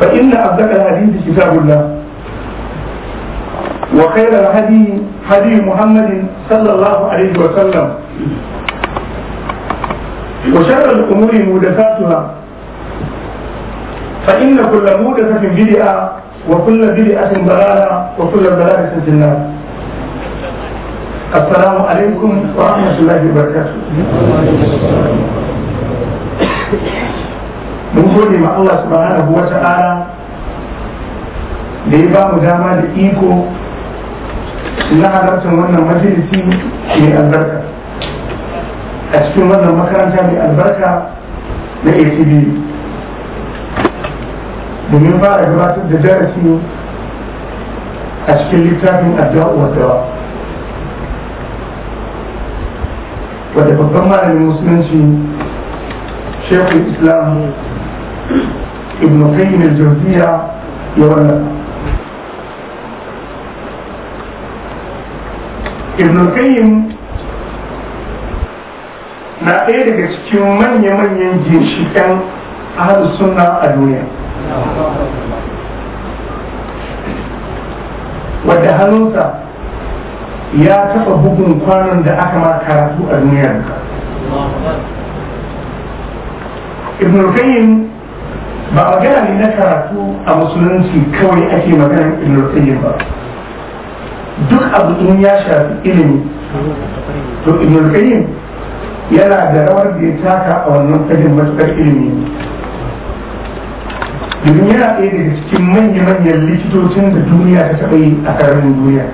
فإن أصدق الحديث كتاب الله وخير الهدي هدي محمد صلى الله عليه وسلم وشر الأمور مودثاتها فإن كل مودثة بدعة وكل بدعة ضلالة وكل ضلالة في النار السلام عليكم ورحمة الله وبركاته mun gode ma Allah subhanahu wa ta'ala da ya ba mu dama da iko na halartar wannan majalisi mai albarka a cikin wannan makaranta mai albarka na ACB domin fara gabatar da darasi a cikin littafin addu'a wa wadda babban malamin musulunci shekul islam ibn qayyim al-jawziya ya wallafa ibn qayyim na ɗaya daga cikin manya-manyan ginshiƙen ahalus sunna a duniya wadda hannunsa ya taɓa bugun kwanon da aka ma karatu a duniya duka ibn qayyim ba magana ne na karatu a musulunci kawai ake magana tsayin ba duk abu in ya shafi ilimi to ilmin yana da rawar da ya taka a wannan fagen matukar ilimi domin yana ɗaya daga cikin manya-manyan likitocin da duniya ta taɓa yi a karamin duniya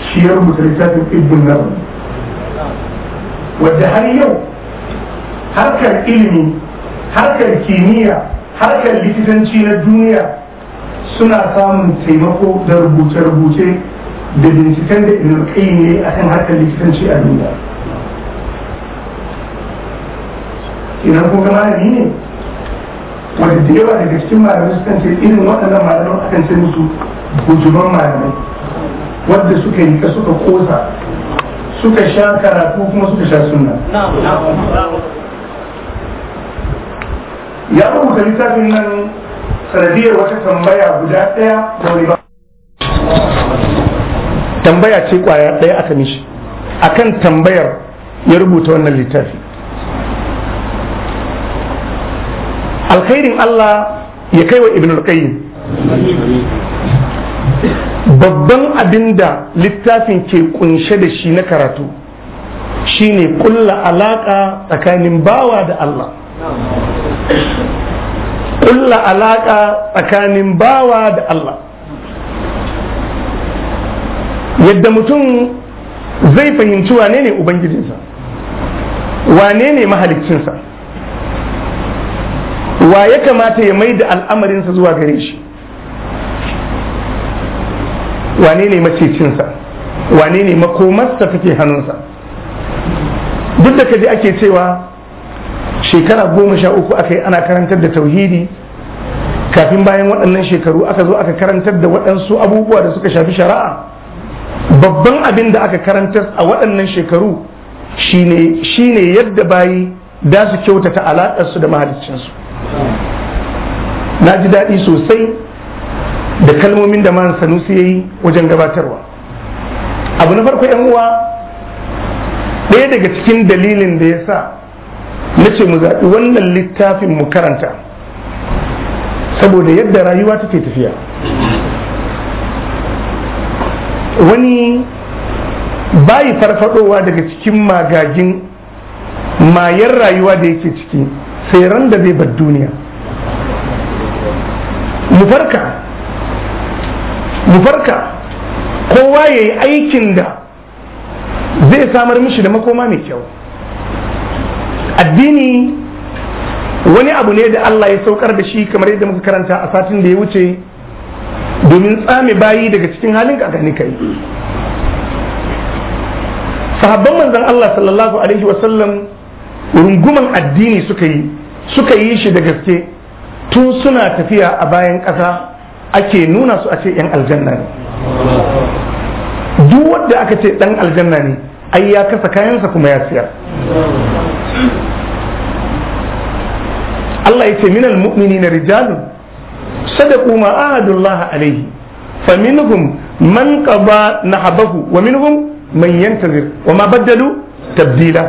shi ya rubuta littafin ibn nawawi wadda har yau harkar ilimi harkar kimiyya harkar likitanci na duniya suna samun taimako da rubuce-rubuce da binciken da inarkai ne a kan harkar likitanci a duniya idan kuma malami ne wadda da yawa daga cikin malamai su kan ce irin waɗannan malamai akan ce musu bujuman malamai wadda suka yi ka suka kosa suka sha karatu kuma suka sha sunna ya rubuta littafin nan sanadiyar wata tambaya guda ɗaya da wani ba tambaya ce kwaya ɗaya aka mishi akan tambayar ya rubuta wannan littafi alkhairin Allah ya kai wa ibn al-qayyim babban abin da littafin ke kunshe da shi na karatu shine kulla alaka tsakanin bawa da Allah kulla alaka tsakanin bawa da Allah yadda mutum zai fahimci wane ne ubangijinsa wane ne mahaliccinsa wa ya kamata ya mai da al'amarinsa zuwa gare shi wane ne macicinsa wane ne makomarsa take hannunsa duk da kaji ake cewa shekara goma sha uku aka yi ana karantar da tauhidi kafin bayan waɗannan shekaru aka zo aka karantar da waɗansu abubuwa da suka shafi shari'a babban abin da aka karantar a waɗannan shekaru shine yadda bayi da su kyautata alaƙarsu da mahaliccinsu na ji daɗi sosai da kalmomin da man sanusi ya yi wajen gabatarwa abu na farko yan uwa ɗaya daga cikin dalilin da ya sa na ce mu zaɓi wannan littafin mu karanta saboda yadda rayuwa take tafiya wani bayi farfadowa daga cikin magagin mayar rayuwa da yake ciki sai ran da zai bar duniya mu farka kowa ya yi aikin da zai samar mishi da makoma mai kyau addini wani abu ne da Allah ya saukar da shi kamar yadda muka karanta a satin da ya wuce domin tsame bayi daga cikin halin ka gani kai sahabban manzon Allah sallallahu alaihi wasallam runguman addini suka yi suka yi shi da gaske tun suna tafiya a bayan ƙasa ake nuna su a ce 'yan aljanna ne duk wanda aka ce ɗan aljanna ne ai ya kasa kayansa kuma ya siyar Allah ya ce min al mu'mini na rijalun sada kuma صدقوا ما عاهدوا الله man فمنهم من wa نحبه ومنهم من wa ma baddalu tabdila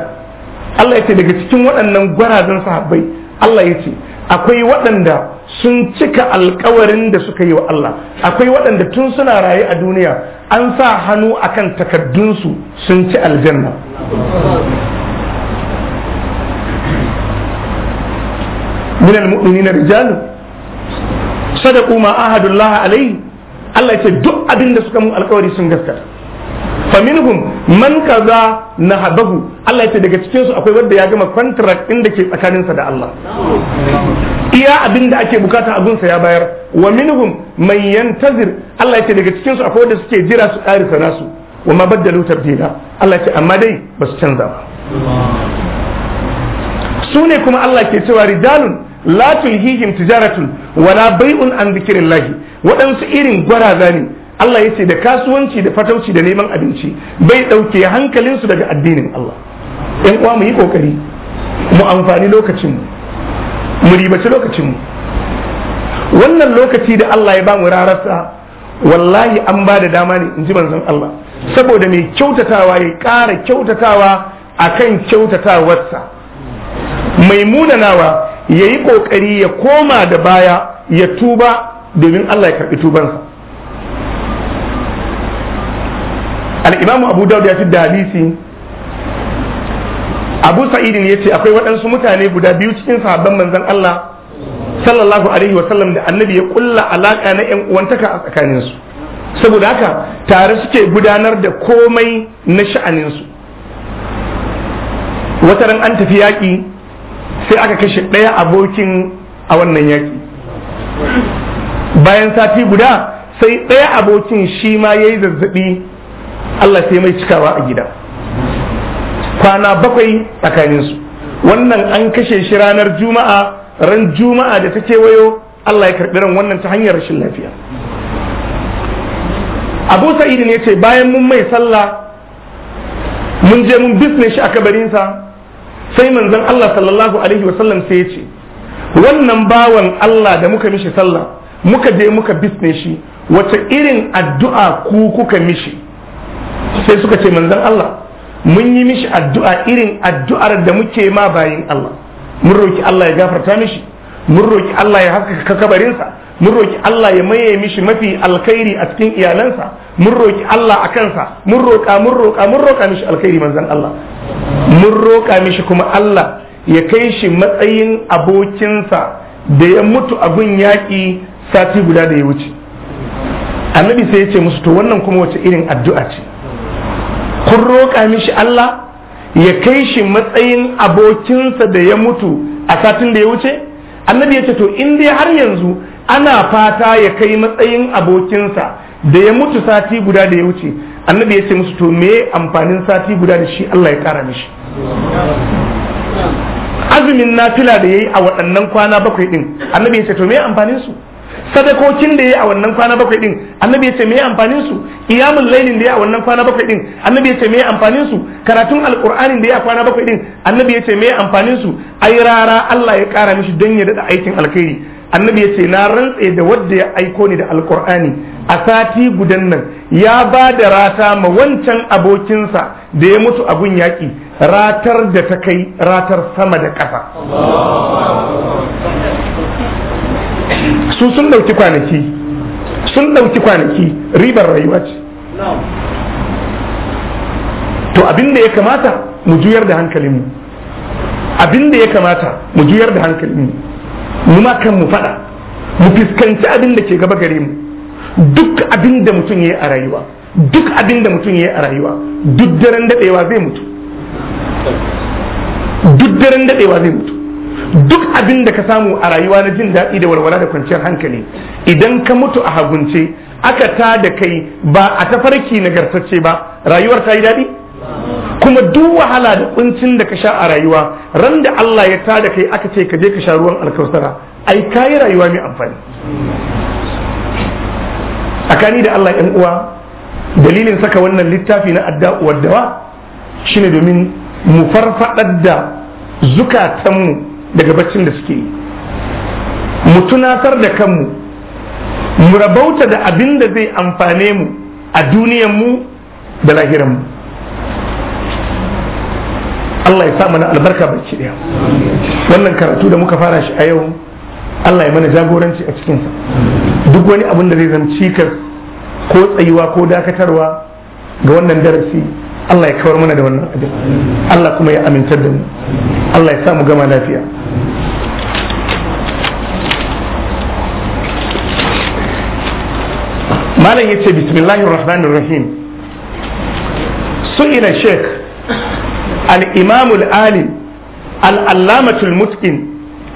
Allah ya ce daga cikin waɗannan gwarazan sahabbai Allah ya ce akwai waɗanda sun cika alkawarin da suka yi wa Allah akwai waɗanda tun suna rayu a duniya an sa hannu akan takardunsu sun ci aljanna min almu'minina rijalun sadaqu ma ahadullah alaihi Allah ya ce duk abinda suka mun alkawari sun gaskata faminhum man kaza na habahu Allah ya ce daga cikinsu akwai wanda ya gama contract ɗin da ke tsakaninsa da Allah iya abinda ake bukata abunsa ya bayar wa minhum mai yantazir Allah ya ce daga cikinsu akwai wanda suke jira su ƙarisa nasu wa ma baddalu tabdila Allah ya ce amma dai ba su canza ba su ne kuma Allah ke cewa rijalun la hihin tijaratun wala bai'un an dhikrillahi waɗansu irin gwaraza ne Allah ya ce da kasuwanci da fatauci da neman abinci bai ɗauke hankalinsu daga addinin Allah ‘yan uwa mu yi ƙoƙari mu amfani lokacinmu mu ribaci lokacinmu wannan lokaci da Allah ya ba mu rararsa wallahi an ba da dama ne in ji manzon Allah saboda mai kyautatawa ya ƙara kyautatawa akan kyautatawarsa mai munanawa ya yi ƙoƙari ya koma da baya ya tuba domin Allah ya karɓi tubansa al'imamu abu Dawud ya fi da hadisi abu sa'idin ya ce akwai waɗansu mutane guda biyu cikin sahabban manzan Allah sallallahu alaihi wasallam da annabi ya ƙulla alaƙa na ‘yan uwantaka a tsakaninsu saboda haka tare suke gudanar da komai na sha'aninsu Wata ran an tafi yaƙi sai aka kashe ɗaya abokin a wannan yaƙi bayan sati guda sai ɗaya abokin shi ma ya yi zazzaɓi Allah sai mai cikawa a gida kwana bakwai tsakaninsu wannan an kashe shi ranar juma'a ran juma'a da ta kewayo Allah ya karɓi ran wannan ta hanyar rashin lafiya abu sa'id ya ce bayan mun mai sallah mun je mun bisne shi a kabarinsa sai manzon Allah sallallahu alaihi wasallam sai ya ce wannan bawan Allah da muka mishi sallah muka je muka bisne shi wata irin addu'a ku kuka mishi sai suka ce manzon Allah mun yi mishi addu'a irin addu'ar da muke ma bayin Allah mun roki Allah ya gafarta mishi mun roki Allah ya haskaka kabarinsa mun roki Allah ya maye mishi mafi alkhairi a cikin iyalansa mun roki Allah a kansa mun roka mun roka mun roka mishi alkhairi manzon Allah mun roƙa mishi kuma Allah ya kai shi matsayin abokinsa da ya mutu abun yaƙi sati guda da ya wuce annabi sai ya ce musu to wannan kuma wace irin addu'a ce kun roƙa mishi Allah ya kai shi matsayin abokinsa da ya mutu a satin da ya wuce annabi ya ce to in dai har yanzu ana fata ya kai matsayin abokinsa da ya mutu sati guda da ya wuce annabi ya ce musu to me amfanin sati guda da shi Allah ya kara mishi azumin nafila da ya yi a waɗannan kwana bakwai ɗin. annabi ya ce to me amfanin su sadakokin da ya yi a wannan kwana bakwai ɗin. annabi ya ce me amfanin su Iyamul lailin da ya yi a wannan kwana bakwai ɗin. annabi ya ce me amfanin su karatun alqur'anin da ya yi a kwana bakwai ɗin. annabi ya ce me amfanin su ai rara Allah ya kara mishi dan ya dada aikin alkhairi annabi ya ce na rantse da wadda ya aiko ni da alqur'ani a sati gudan nan ya ba da rata ma wancan abokinsa da ya mutu a gun yaki ratar da ta kai ratar sama da ƙasa su sun ɗauki kwanaki sun ɗauki kwanaki ribar rayuwa ce to abin da ya kamata mu juyar da hankalinmu abin da ya kamata mu juyar da hankalinmu mu ma kan mu faɗa mu fuskanci abin da ke gaba gare mu duk abin da mutum ya yi a rayuwa duk abin da mutum ya yi a rayuwa duk daren daɗewa zai mutu duk daren daɗewa zai mutu duk abin da ka samu a rayuwa na jin daɗi da walwala da kwanciyar hankali idan ka mutu a hagunce aka ta da kai ba a tafarki nagartacce ba rayuwar ta yi daɗi kuma duk wahala da kuncin da ka sha a rayuwa ran da Allah ya ta da kai aka ce ka je ka sha ruwan alkausara ai kayi rayuwa mai amfani tsakani da Allah yan uwa dalilin saka wannan littafi na adda'uwar dawa shine domin mu farfadar da zukatanmu daga baccin da suke yi mu tunatar da kanmu mu rabauta da abin da zai amfane mu a duniyanmu da lahiranmu Allah ya sa mana albarka bacci daya wannan karatu da muka fara shi a yau Allah ya mana jagoranci a cikinsa duk wani abin da zai zama cikas ko tsayuwa ko dakatarwa ga wannan darasi الله يكفر من دون الله كما يأمن تدم الله يسامو كما لا فيها ما لا يتي بسم الله الرحمن الرحيم سئل الشيخ الإمام العالم الألامة المتقن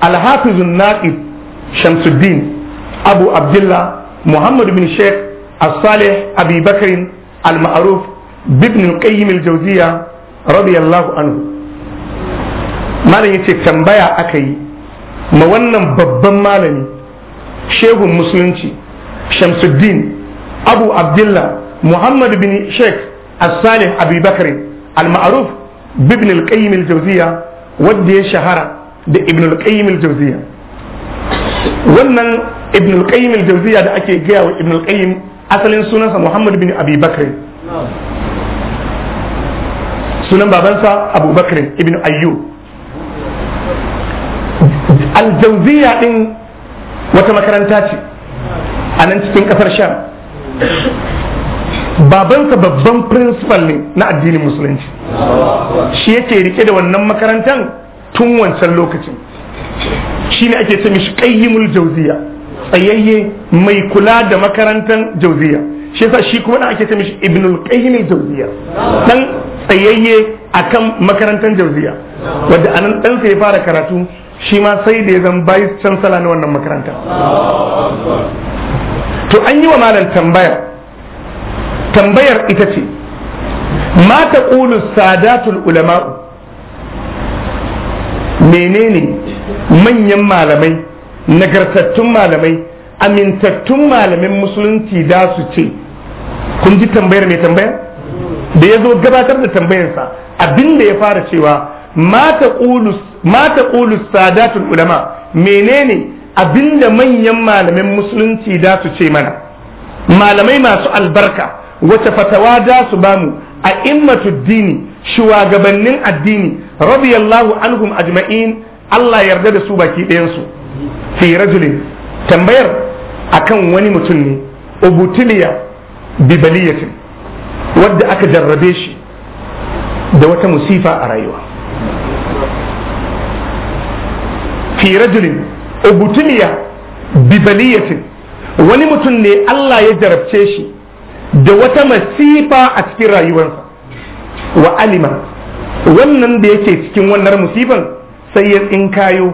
الحافظ النائب شمس الدين أبو عبد الله محمد بن الشيخ الصالح أبي بكر المعروف bibn qayyim al-jawziya radiyallahu anhu malam ce tambaya aka yi ma wannan babban malami shehun musulunci shamsuddin abu abdullah muhammad bin sheikh as-salih abi bakr al-ma'ruf bibn al jawziya wanda ya shahara da ibnul al jawziya wannan ibn al jawziya da ake gaya wa ibn qayyim asalin sunansa muhammad bin abi bakr sunan babansa abubakar ibn ayyub aljauziya din wata makaranta ce a nan cikin kasar sham babansa babban principal ne na addinin musulunci shi yake rike da wannan makarantar tun wancan lokacin shi ne ake ce mishi qayyimul jauziya tsayayye mai kula da makarantar jauziya shi yasa shi kuma ake ce mishi ibnul qayyimul jauziya dan tsayayye kan makarantar jauziya wadda anan ɗansa ya fara karatu shi ma sai da ya zan bayi cansala na wannan makaranta to an yi wa malam tambaya tambayar ita ce ma ta ƙulu sadatul ulama'u menene manyan malamai nagartattun malamai amintattun malamin musulunci da su ce kun ji tambayar mai tambayar da ya zo gabatar da tambayarsa abinda ya fara cewa mata ƙulus sadatul ulama menene abinda manyan malamin musulunci da su ce mana malamai masu albarka wace fatawa da su bamu a immatu dini shugabannin addini radiyallahu anhum ajma'in Allah yarda da su baki ɗayansu fi rajulin tambayar akan wani mutum ne ubutiliya bibaliyatin wadda aka jarrabe shi da wata musifa a rayuwa fi rajulin ubutuliya bibaliyatin wani mutum ne Allah ya jarabce shi da wata masifa a cikin rayuwarsa wa alima wannan da yake cikin wannan musifan sai ya tsinkayo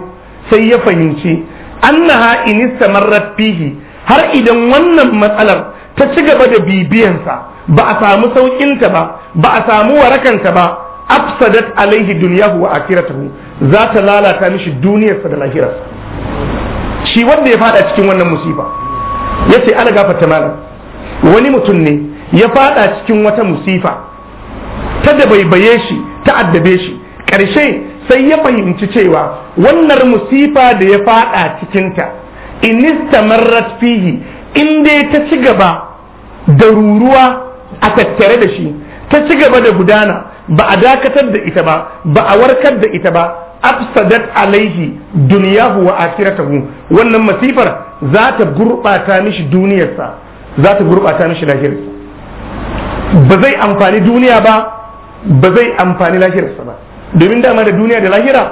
sai ya fahimci annaha inista marrat fihi har idan wannan matsalar ta ci gaba da bibiyansa ba a samu saukinta ba ba a samu warakanta ba afsadat alaihi dunyahu wa akhiratuhu za ta lalata mishi duniyarsa da lahirarsa shi wanda ya fada cikin wannan musiba yace ana gafarta malam wani mutum ne ya fada cikin wata musifa ta da baibaye shi ta addabe shi Ƙarshe sai ya fahimci cewa wannan musifa da ya fada cikinta inistamarrat fihi in dai ta ci gaba da ruruwa a tattare da shi ta ci gaba da gudana ba a dakatar da ita ba ba a warkar da ita ba afsadat alaihi duniyahu wa akhiratahu wannan masifar za ta gurbata mishi duniyarsa za ta gurbata mishi lahirarsa ba zai amfani duniya ba ba zai amfani lahirarsa ba domin dama da duniya da lahira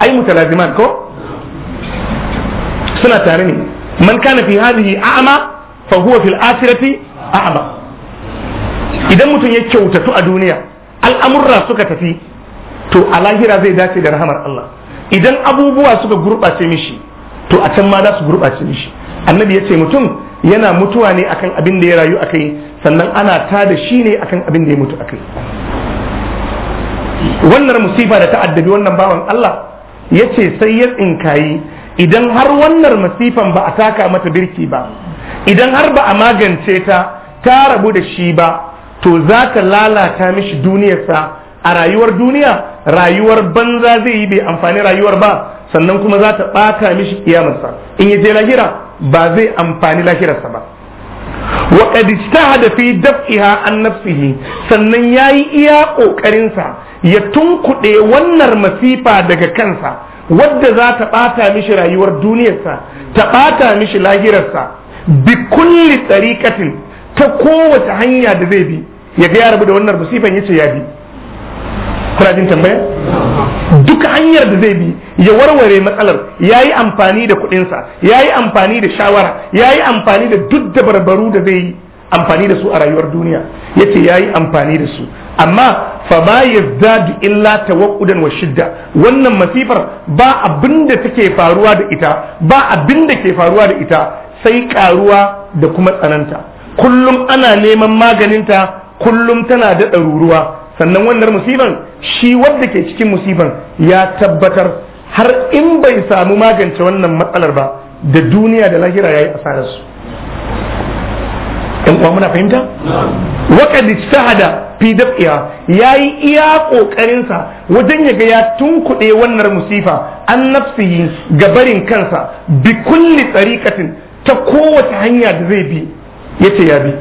ai mutalaziman ko suna tare ne man kana fi hadhihi a'ma fa huwa fil akhirati a'ma idan mutum ya kyautatu a duniya al'amurra suka tafi to a lahira zai dace da rahamar Allah idan abubuwa suka gurɓace mishi to a can ma za su gurɓace mishi annabi ya ce mutum yana mutuwa ne akan abin da ya rayu a kai, sannan ana ta da shi ne akan abin da ya mutu a kai. wannan musifa da ta'addabi addabi wannan bawan Allah ya ce sai ya tsinkayi idan har wannan masifan ba a taka mata birki ba idan har ba a magance ta ta rabu da shi ba to za ka lalata mishi duniyarsa a rayuwar duniya rayuwar banza zai yi bai amfani rayuwar ba sannan kuma za ta ɓata mishi kiyamarsa in ya je lahira ba zai amfani lahirarsa ba wa hadafi ijtahada fi daf'iha an nafsihi sannan yayi iya ƙoƙarinsa ya tunkuɗe wannan masifa daga kansa wadda za ta ɓata mishi rayuwar duniyarsa ta ɓata mishi lahirarsa bi kulli tsarikatin ta kowace hanya da zai bi ya ga ya da wannan musifan yace ya bi kuna jin tambaya duk hanyar da zai bi ya warware matsalar ya yi amfani da kuɗinsa ya yi amfani da shawara ya yi amfani da duk da barbaru da zai yi amfani da su a rayuwar duniya ya ce ya yi amfani da su amma fa ba ya zadu illa tawakkudan wa shidda wannan masifar ba abin da take faruwa da ita ba abin da ke faruwa da ita sai karuwa da kuma tsananta kullum ana neman maganinta kullum tana da ɗaruruwa sannan wannan musiban shi wadda ke cikin musiban ya tabbatar har in bai samu magance wannan matsalar ba da duniya da lahira ya yi asararsu ɗan uwa muna fahimta? da shahada fi dafiya ya yi iya ƙoƙarinsa wajen ya ga ya tunkuɗe wannan musifa an nafsihi ga barin kansa bi kulli tsarikatin ta kowace hanya da zai bi yace ya bi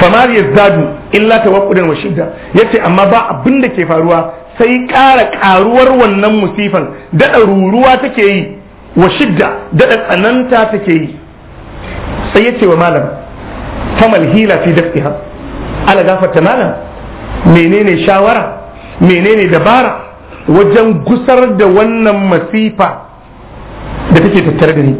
famar yazdadu illa waƙudan wa shidda yace amma ba abin da ke faruwa sai ƙara ƙaruwar wannan musifan daɗa ruruwa take yi wa shidda daɗa tsananta take yi sai yace wa malam famal hila fi dafiha ala gafarta malam menene shawara menene dabara wajen gusar da wannan masifa da take tattare da ni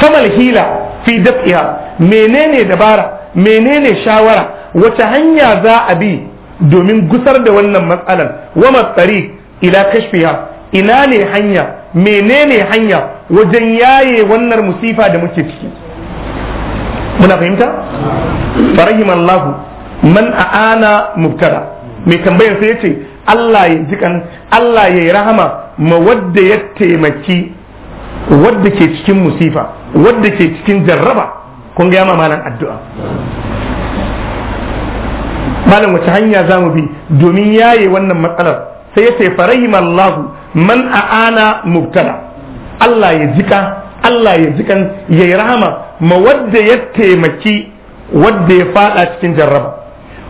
famal hila fi dafiha menene dabara menene shawara wace hanya za a bi domin gusar da wannan matsalan wama tsari ila kashfiya ina ne hanya menene hanya wajen yaye wannan musifa da muke ciki muna fahimta farahim Allahu man a'ana mubtada mai tambayar sai yace Allah ya jikan Allah ya rahama ma wadda ya taimaki wadda ke cikin musifa wadda ke cikin jarraba kun ga malam addu'a malam wace hanya za mu bi domin yaye wannan matsalar sai yace farahim Allah man a'ana mubtala Allah ya jika Allah ya jikan ya rahama ma wadda ya taimaki wadda ya fada cikin jarraba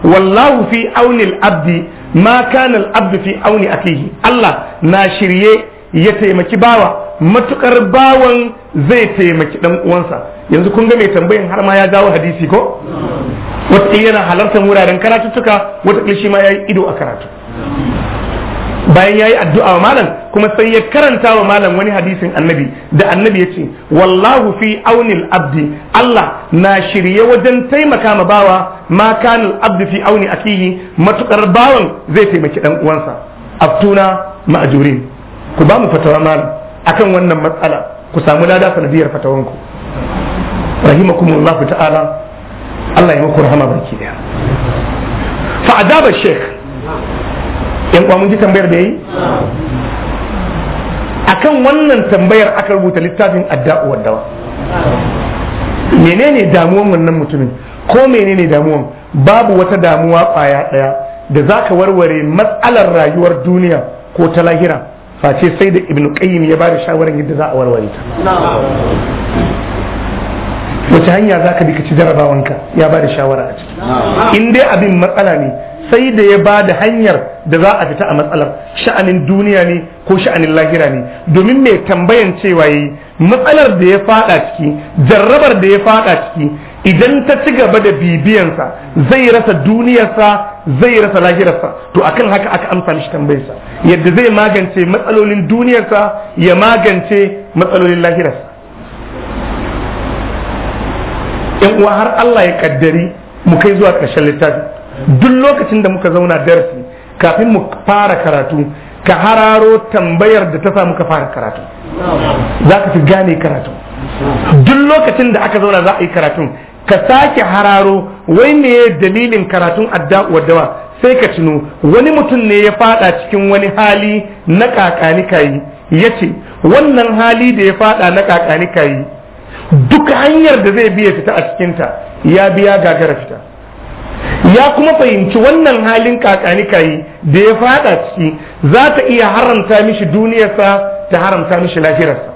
wallahu fi aunil abdi ma kana al-abdu fi auni akihi Allah na shirye ya taimaki bawa matukar bawan zai taimaki dan uwansa yanzu kun ga mai tambayin har ma ya dawo hadisi ko wata yana halartar wuraren karatuttuka wata shi ma ya yi ido a karatu bayan ya yi addu'a wa malam kuma sai ya karanta wa malam wani hadisin annabi da annabi ya ce wallahu fi aunil abdi Allah na shirye wajen taimaka ma bawa ma kanil abdi fi auni akihi matukar bawan zai taimaki dan uwansa abtuna ma'ajurin ku ba mu fatawa malam akan wannan matsala ku samu lada sanadiyar fatawanku rahimakumullah ta'ala Allah ya muku rahama baki daya fa adaba sheikh yan kwa mun ji tambayar da yayi akan wannan tambayar aka rubuta littafin adda'u wa dawa menene damuwan wannan mutumin ko menene damuwan babu wata damuwa kwaya ɗaya da zaka warware matsalar rayuwar duniya ko ta lahira face sai da ibnu qayyim ya bada shawaran yadda za a warware ta wace hanya za ka bi ka ci jarabawanka ya bada shawara a ciki in dai abin matsala ne sai da ya ba da hanyar da za a fita a matsalar sha'anin duniya ne ko sha'anin lahira ne domin mai tambayan cewa yi matsalar da ya fada ciki jarrabar da ya fada ciki idan ta ci gaba da bibiyansa zai rasa duniyarsa zai rasa lahirarsa to akan haka aka amsa mishi tambayarsa yadda zai magance matsalolin duniyarsa ya magance matsalolin lahirarsa yan uwa har Allah ya kaddari mu kai zuwa ƙarshen littafi duk lokacin da muka zauna darasi kafin mu fara karatu ka hararo tambayar da ta sa muka fara karatu za ka fi gane karatu duk lokacin da aka zauna za a yi karatu. ka sake hararo wai ne dalilin karatun adda dawa sai ka tuno wani mutum ne ya fada cikin wani hali na kakani kayi yace wannan hali da ya fada na kakani kayi duk hanyar da zai biya fita a cikinta ya biya gagara fita ya kuma fahimci wannan halin kakani kayi da ya fada ciki za ta iya haramta mishi duniyarsa ta haramta mishi lahirarsa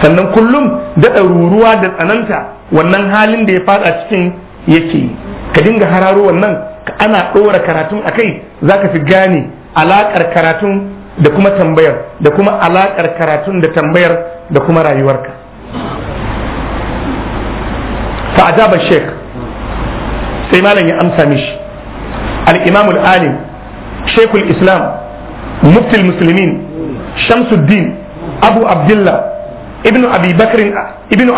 sannan kullum da ɗaruruwa da tsananta wannan halin da ya fada cikin yake ka dinga hararo wannan ana ɗora karatun a kai za ka fi gane alaƙar karatun da kuma tambayar da kuma alaƙar karatun da tambayar da kuma rayuwarka fa ajaba sheik sai malam ya amsa mishi al-imam al-alim sheikhul islam muftil muslimin shamsuddin abu abdullah ibnu abi bakrin ibnu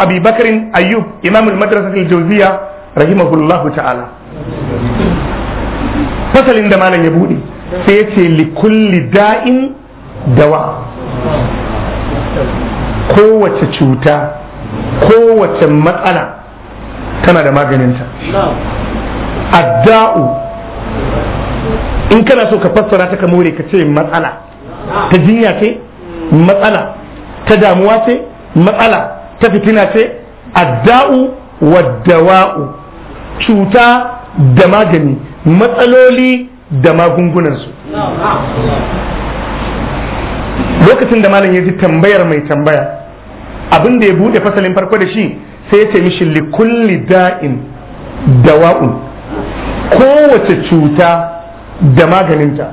ayyub imamul al-madrasah al-jawziya rahimahullahu ta'ala fasalin da malam ya bude sai yace li kulli da'in dawa kowace cuta kowace matsala tana da maganinta adda'u in kana so ka fassara ta ka more ka ce matsala ta jinya ce matsala ta damuwa ce matsala ta fitina ce adda'u wa dawa'u cuta da magani matsaloli da magungunansu lokacin da malam ya ji tambayar mai tambaya abin da ya bude fasalin farko da shi sai ya ce mishi li kulli da'in dawa'un kowace cuta da maganinta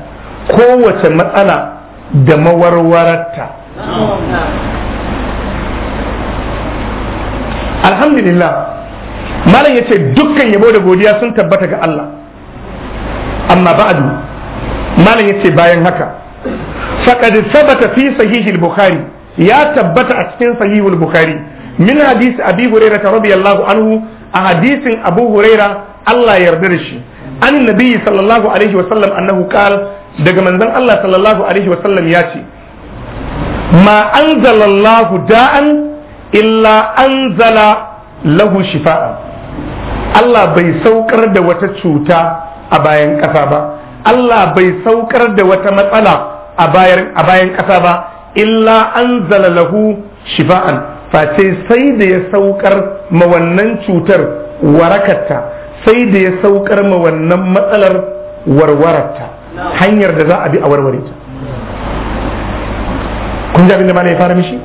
kowace matsala da mawarwararta alhamdulillah malam ya ce dukkan yabo da godiya sun tabbata ga Allah amma ba'du malam ya ce bayan haka faqad sabata fi sahihil bukhari ya tabbata a cikin sahihul bukhari min hadisi abi hurairah radiyallahu anhu a hadisin abu hurairah Allah ya yarda da shi an nabi sallallahu alaihi wa sallam annahu qala daga manzon Allah sallallahu alaihi wa sallam ya ce ma anzalallahu da'an illa anzala lahu shifa'a Allah bai saukar da wata cuta a bayan ƙasa ba Allah bai saukar da wata matsala a bayan ƙasa ba illa anzala lahu shifa'an face sai da ya saukar ma wannan cutar warakarta sai da ya saukar ma wannan matsalar warwararta hanyar da za a bi a warware ta kun ji abin da ya fara mishi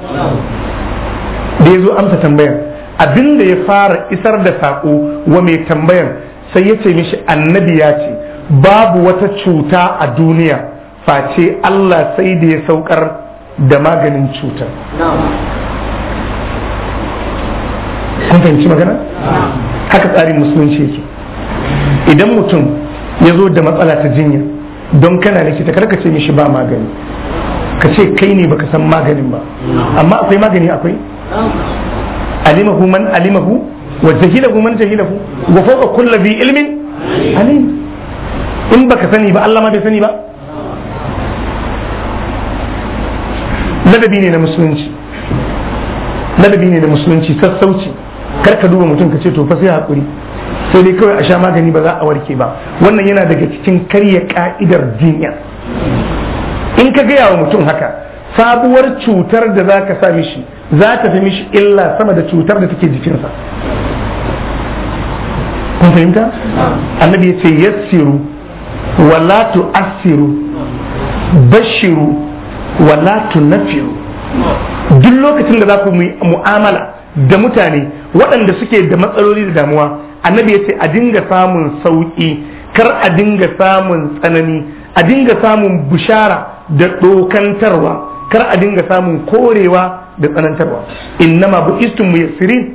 da ya zo amsa tambayan abin da ya fara isar da saƙo wa mai tambayan sai ya ce mishi annabi ya ce babu wata cuta a duniya face Allah sai da ya saukar da maganin cutar kun fahimci magana haka tsarin musulunci yake idan mutum ya zo da matsala ta jinya don kana likita karka ce mishi ba magani ka ce kai ne baka san maganin ba amma akwai magani akwai alimahu man alimahu wa jahilahu man jahilahu wa fawqa kulli bi ilmin alim in baka sani ba Allah ma bai sani ba ladabi ne na musulunci ladabi ne na musulunci sassauci kar ka duba mutum ka ce to fa sai hakuri sai dai kawai a sha magani ba za a warke ba wannan yana daga cikin karya ka'idar duniya, in ka gaya wa mutum haka sabuwar cutar da za ka sa mishi za ta fi mishi illa sama da cutar da take jikinsa kun fahimta annabi ya ce yassiru wala tu'assiru bashiru wala Nafiru. duk lokacin da za ku mu'amala da mutane waɗanda suke da matsaloli da damuwa annabi ya ce a dinga samun sauƙi kar a dinga samun tsanani a dinga samun bishara da ɗokantarwa kar a dinga samun korewa da tsanantarwa ma bu'istum muyassirin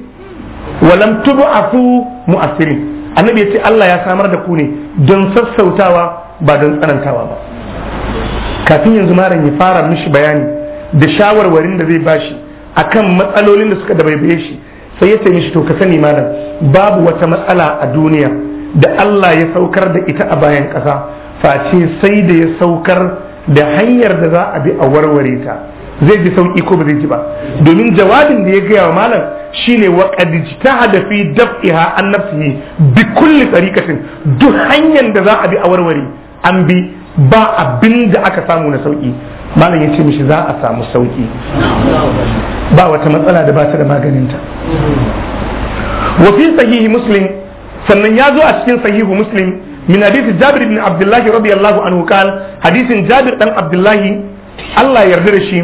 wa lam tub'afu mu'assirin annabi ce Allah ya samar da ku ne don sassautawa ba don tsanantawa ba kafin yanzu maran ya fara mishi bayani da shawarwarin da zai bashi akan matsalolin da suka dabaibaye shi sai ya ce mishi to ka sani malam babu wata matsala a duniya da Allah ya saukar da ita a bayan ƙasa face sai da ya saukar da hanyar da za a bi a warware ta zai ji sauƙi ko ba zai ji ba domin jawabin da ya gaya wa malam shine wa ta hadafi fi daf'iha an nafsihi bi kulli tariqatin duk hanyar da za a bi a warware an bi ba abin da aka samu na sauki malam ya ce mishi za a samu sauki ba wata matsala da ba ta da maganinta wa sahihi muslim sannan ya zo a cikin sahihu muslim min hadisi jabir bin abdullahi radiyallahu anhu hadisin jabir ɗan abdullahi Allah yarda da shi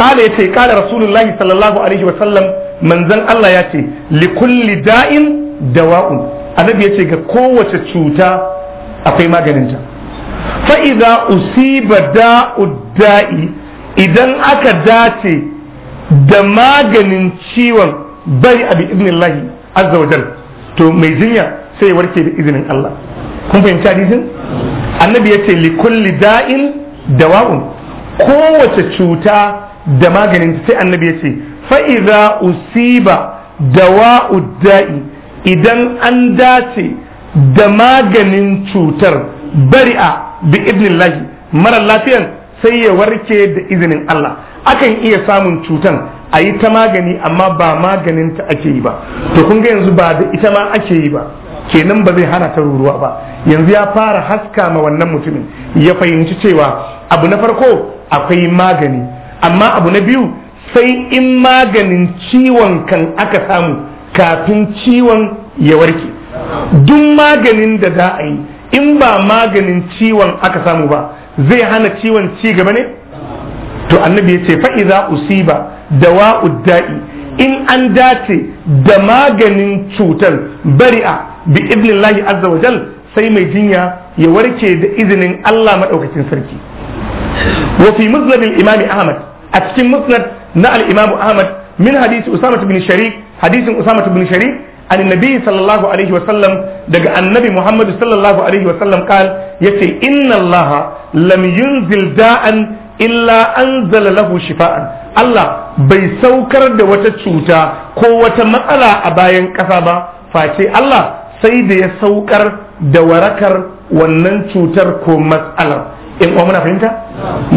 kala yace kala rasulullahi sallallahu alaihi wa sallam manzon Allah yace li kulli da'in dawa'un annabi yace ga kowace cuta akwai maganinta fa idza usiba da'ud da'i idan aka dace da maganin ciwon bai abi idnillahi azza wajal to mai jinya sai warke da izinin Allah kun fahimci hadisin annabi ya ce likulli da'in dawa'un kowace cuta da maganin sai annabi ya ce fa'iza usiba dawa'u da'i idan an dace da maganin cutar bari a bi lahi mara lafiyan sai ya warke da izinin Allah akan iya samun cutan a yi ta magani amma ba maganin ta ake yi ba to kun ga yanzu ba da ita ma ake yi ba kenan ba zai hana ta ruruwa ba yanzu ya fara haska ma wannan mutumin ya fahimci cewa abu na farko akwai magani amma abu na biyu sai in maganin ciwon kan aka samu kafin ciwon ya warke duk maganin da za a yi in ba maganin ciwon aka samu ba zai hana ciwon ci gaba ne to annabi ya ce fa'iza usiba da wa'udda'i in an dace da maganin cutar bari a. bi iznillahi azza wa jal sai mai jinya ya warke da izinin Allah madaukakin sarki wa fi musnad al-imam ahmad a cikin musnad na al-imam ahmad min hadisi usama bin sharik hadisin usama bin sharik an nabi sallallahu alaihi wa sallam daga annabi muhammad sallallahu alaihi wa sallam qal yace inna allaha lam yunzil da'an illa anzala lahu shifa'an Allah bai saukar da wata cuta ko wata matsala a bayan ƙasa ba face Allah sai da ya saukar da warakar wannan cutar ko matsalar in kuma muna fahimta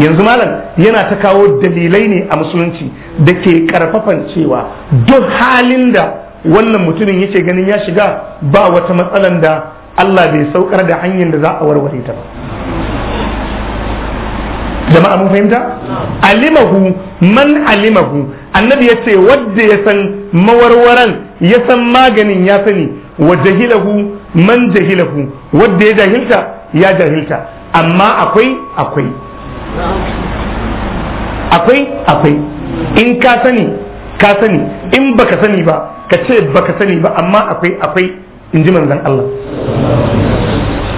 yanzu malam yana ta kawo dalilai ne a musulunci da ke karfafan cewa duk halin da wannan mutumin yake ganin ya shiga ba wata matsalan da Allah bai saukar da hanyar da za a warware ta ba jama'a mun fahimta alimahu man alimahu annabi ya ce wadda ya san mawarwaran ya san maganin ya sani wa jahilahu man jahilahu wanda ya jahilta ya jahilta amma akwai akwai akwai akwai in ka sani ka sani in baka sani ba ka ce baka sani ba amma akwai akwai in ji manzan Allah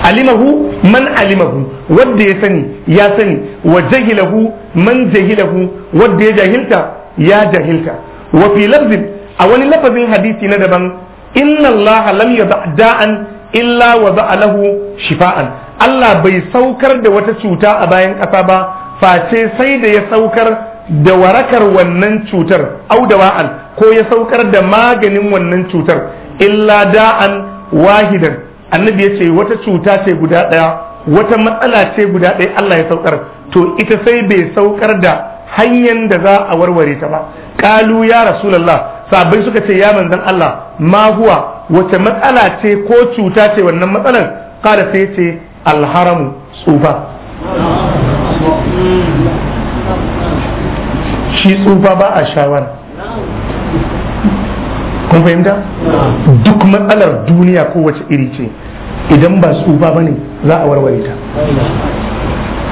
alimahu man alimahu wadda ya sani ya sani wa jahilahu man jahilahu wadda ya jahilta ya jahilta wa fi lafzin a wani lafazin hadisi na daban inna allaha lam yada da'an illa wa lahu shifa'an Allah bai saukar da wata cuta a bayan ƙasa ba face sai da ya saukar da warakar wannan cutar audawa'an ko ya saukar da maganin wannan cutar illa da'an wahidan annabi ya ce wata cuta ce guda ɗaya wata matsala ce guda ɗaya Allah ya saukar to ita sai bai saukar da hanyar da za a warware ta ba ƙalu ya rasulallah sabai suka ce ya manzan Allah ma huwa wace matsala ce ko cuta ce wannan matsalar kada sai ce alharamu tsufa shi tsufa ba a shawara kun fahimta duk matsalar duniya ko kowace iri ce idan ba tsufa ba ne za a warware ta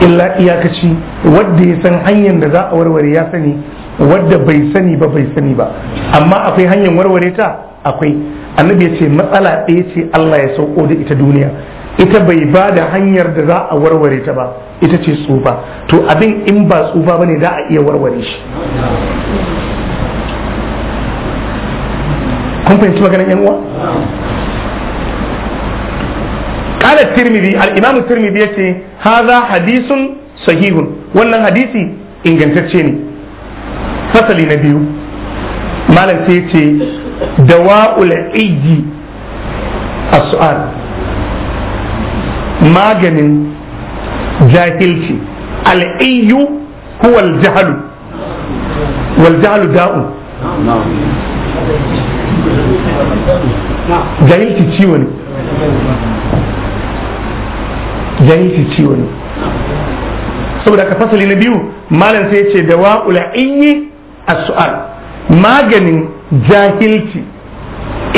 illa iyakaci wadda ya san hanyar da za a warware ya sani wadda bai sani ba bai sani ba amma akwai hanyar warware ta akwai annabi ya ce matsala ɗaya ce Allah ya sauko da ita duniya ita bai ba da hanyar da za a warware ta ba ita ce tsufa to abin in ba tsufa ne za a iya warware shi kun fahimci maganar yan uwa قال الترمذي ya ce ha za hadisun sahihun, wannan hadisi ingantacce ne fasali na biyu malam sai ce dawa'ul iji a su'al maganin jahilci al'iyu huwa aljahalu waljahalu da'un jahilci ciwo ne jahilci ciwo ne saboda ka fasali na biyu malam sai ce da wa'ula inyi as maganin jahilci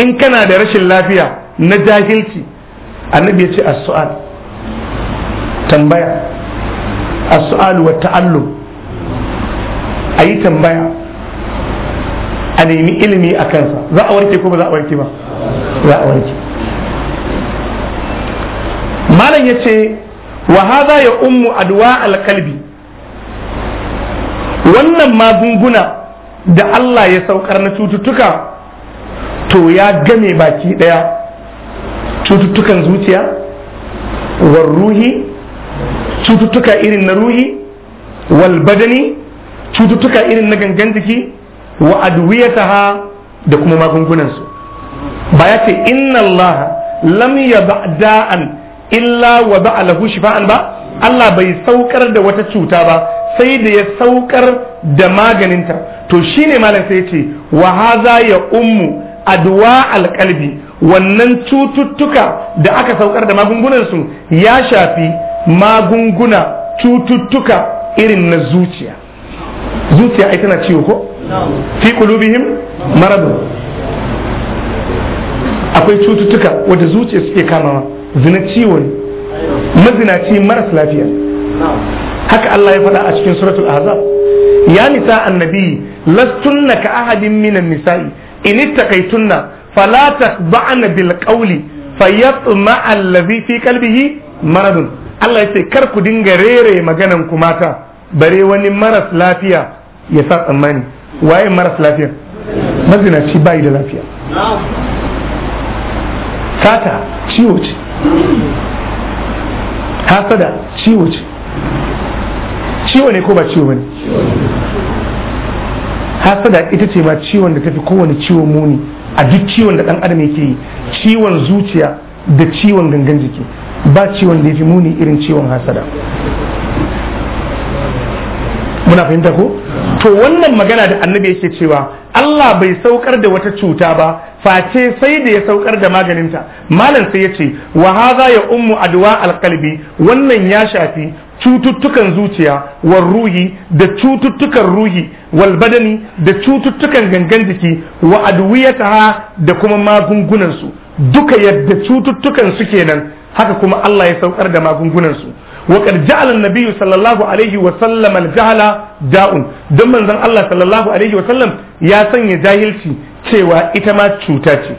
in kana da rashin lafiya na jahilci annabi ya ce as tambaya as-su'al wa ayi tambaya a nemi ilimi a kansa za a warke ko ba za a ba za a malam ya ce wa ya wannan magunguna da Allah ya saukar na cututtuka to ya game baki daya cututtukan zuciya war ruhi cututtuka irin na ruhi wal badani cututtuka irin na gangan jiki wa adwiyataha da kuma magungunansu ba ya ce inna Allah lam yaba da'an illa wa ba'a lahu shifa'an ba Allah bai saukar da wata cuta ba sai da ya saukar da maganinta to shi ne malam sai ce wa haza ya ummu adwa alqalbi wannan cututtuka da aka saukar da magungunansu ya shafi magunguna cututtuka irin na zuciya zuciya ai tana ciwo ko fi qulubihim maradun akwai cututtuka wadda zuciya suke kamawa zina ciwo ne mazinaci maras lafiya haka Allah ya faɗa a cikin suratul ahzab ya nisa annabi lastunna ka ahadin minan nisa'i in ittaqaytunna fala taqba'na bil qawli fayatma allazi fi qalbihi maradun Allah ya ce kar ku dinga rere maganan ku mata bare wani maras lafiya ya sa tsammani waye maras lafiya mazinaci bai da lafiya sata ciwo ce hasada ciwo ce ciwo ne ko ba ciwo bane hasada ita ce ma ciwon da tafi kowane ciwon muni a duk ciwon da dan adam yake yi ciwon zuciya da ciwon gangan jiki ba ciwon da yafi muni irin ciwon hasada muna fahimta ko to wannan magana da annabi yake cewa Allah bai saukar da wata cuta ba face sai da ya saukar da maganinta malam sai ya ce wa hadha ya ummu adwa alqalbi wannan ya shafi cututtukan zuciya wal ruhi da cututtukan ruhi wal badani da cututtukan gangan jiki wa adwiyataha da kuma magungunan su duka yadda cututtukan suke nan haka kuma Allah ya saukar da magungunan su wa qad ja'ala an-nabiyyu sallallahu alaihi wa sallam al jahla da'un dan manzon Allah sallallahu alaihi wa sallam ya sanya jahilci cewa ita ma cuta ce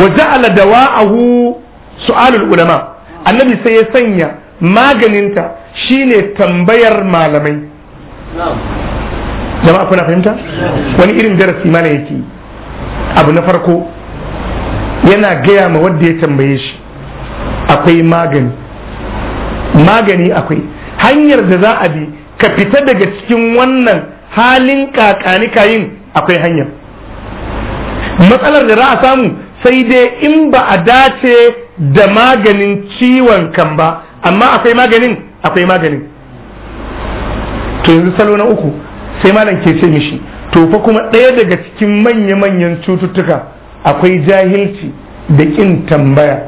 wa ja'ala dawa'ahu su'alul ulama annabi sai ya sanya maganinta Shi ne tambayar malamai jama'a kuna fahimta wani irin darasi mana yake abu na farko yana gaya ma wadda ya tambaye shi akwai magani magani akwai hanyar da za a bi ka fita daga cikin wannan halin kakanika yin akwai hanyar matsalar da za a samu sai dai in ba a dace da maganin ciwon kan ba amma akwai maganin akwai maganin to yanzu salo na uku sai malam ke ce mishi to fa kuma ɗaya daga cikin manya-manyan cututtuka akwai jahilci da ƙin tambaya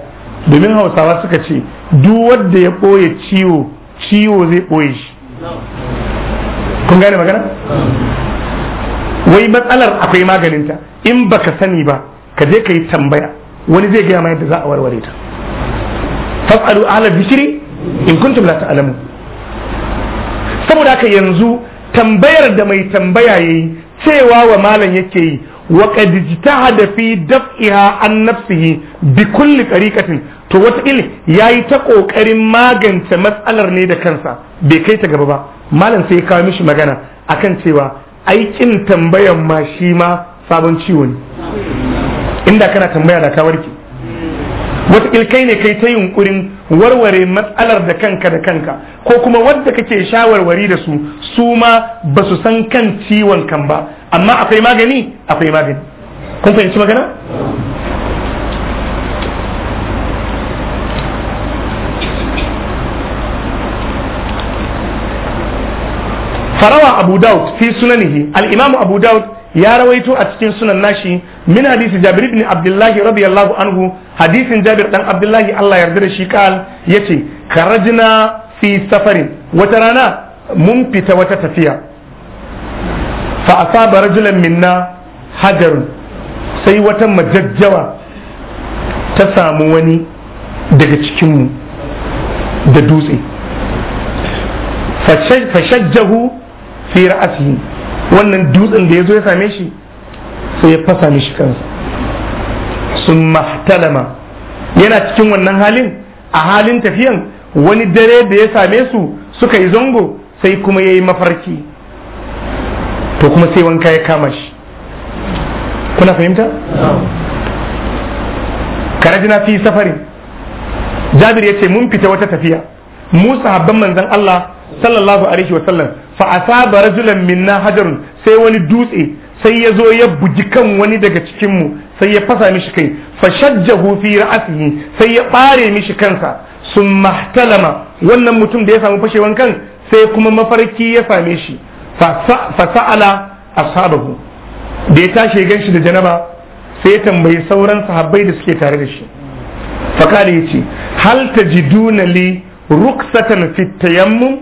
domin hausawa suka ce duk wanda ya ɓoye ciwo ciwo zai ɓoye shi kun gane magana wai matsalar akwai maganinta in baka sani ba ka je ka yi tambaya wani zai gaya ma yadda za a warware ta fasalu ala bishiri. in kuntum la ta'lamu saboda haka yanzu tambayar da mai tambaya yayi cewa wa malam yake yi wa qad jitahada fi daf'iha an nafsihi bi kulli tariqatin to wata il yayi ta kokarin magance matsalar ne da kansa bai kai ta gaba ba malam sai ya kawo mishi magana akan cewa aikin tambayan ma shi ma sabon ciwo ne inda kana tambaya da ka warke Wata kai ne kai ta yunkurin warware matsalar da kanka da kanka ko kuma wadda kake shawarwari da su su ma ba su san kan ciwon kan ba amma akwai magani akwai magani kun fahimci magana farawa abu daud fi sunanihi al-imamu abu daud ya rawaito a cikin sunan nashi min hadisi jabir ibn abdullahi radiyallahu anhu hadisin jabir dan abdullahi Allah yarda da shi kal yace karajna fi safarin wata rana mun fita wata tafiya fa asaba rajulan minna hajar sai wata majajjawa ta samu wani daga cikinmu da dutse fashajjahu fi ra'asihi wannan dutsen da ya zo ya same shi sai ya fasa mishi kansa sun mahtalama yana cikin wannan halin a halin tafiyan wani dare da ya same su suka yi zango sai kuma ya yi mafarki to kuma sai wanka ya kama shi kuna fahimta? karajina fi safari. jabir ya ce mun fita wata tafiya Musa, sahabban manzon Allah sallallahu alaihi wasallam fa asaba rajulan minna hajarun sai wani dutse sai ya zo ya bugi kan wani daga cikin mu sai ya fasa mishi kai fa shajjahu fi ra'sihi sai ya bare mishi kansa sun mahtalama wannan mutum da ya samu fashewan kan sai kuma mafarki ya same shi fa sa'ala ashabahu da ya tashi gan shi da janaba sai ya tambayi sauran sahabbai da suke tare da shi fa kada yace hal tajiduna li ruksatan fit tayammum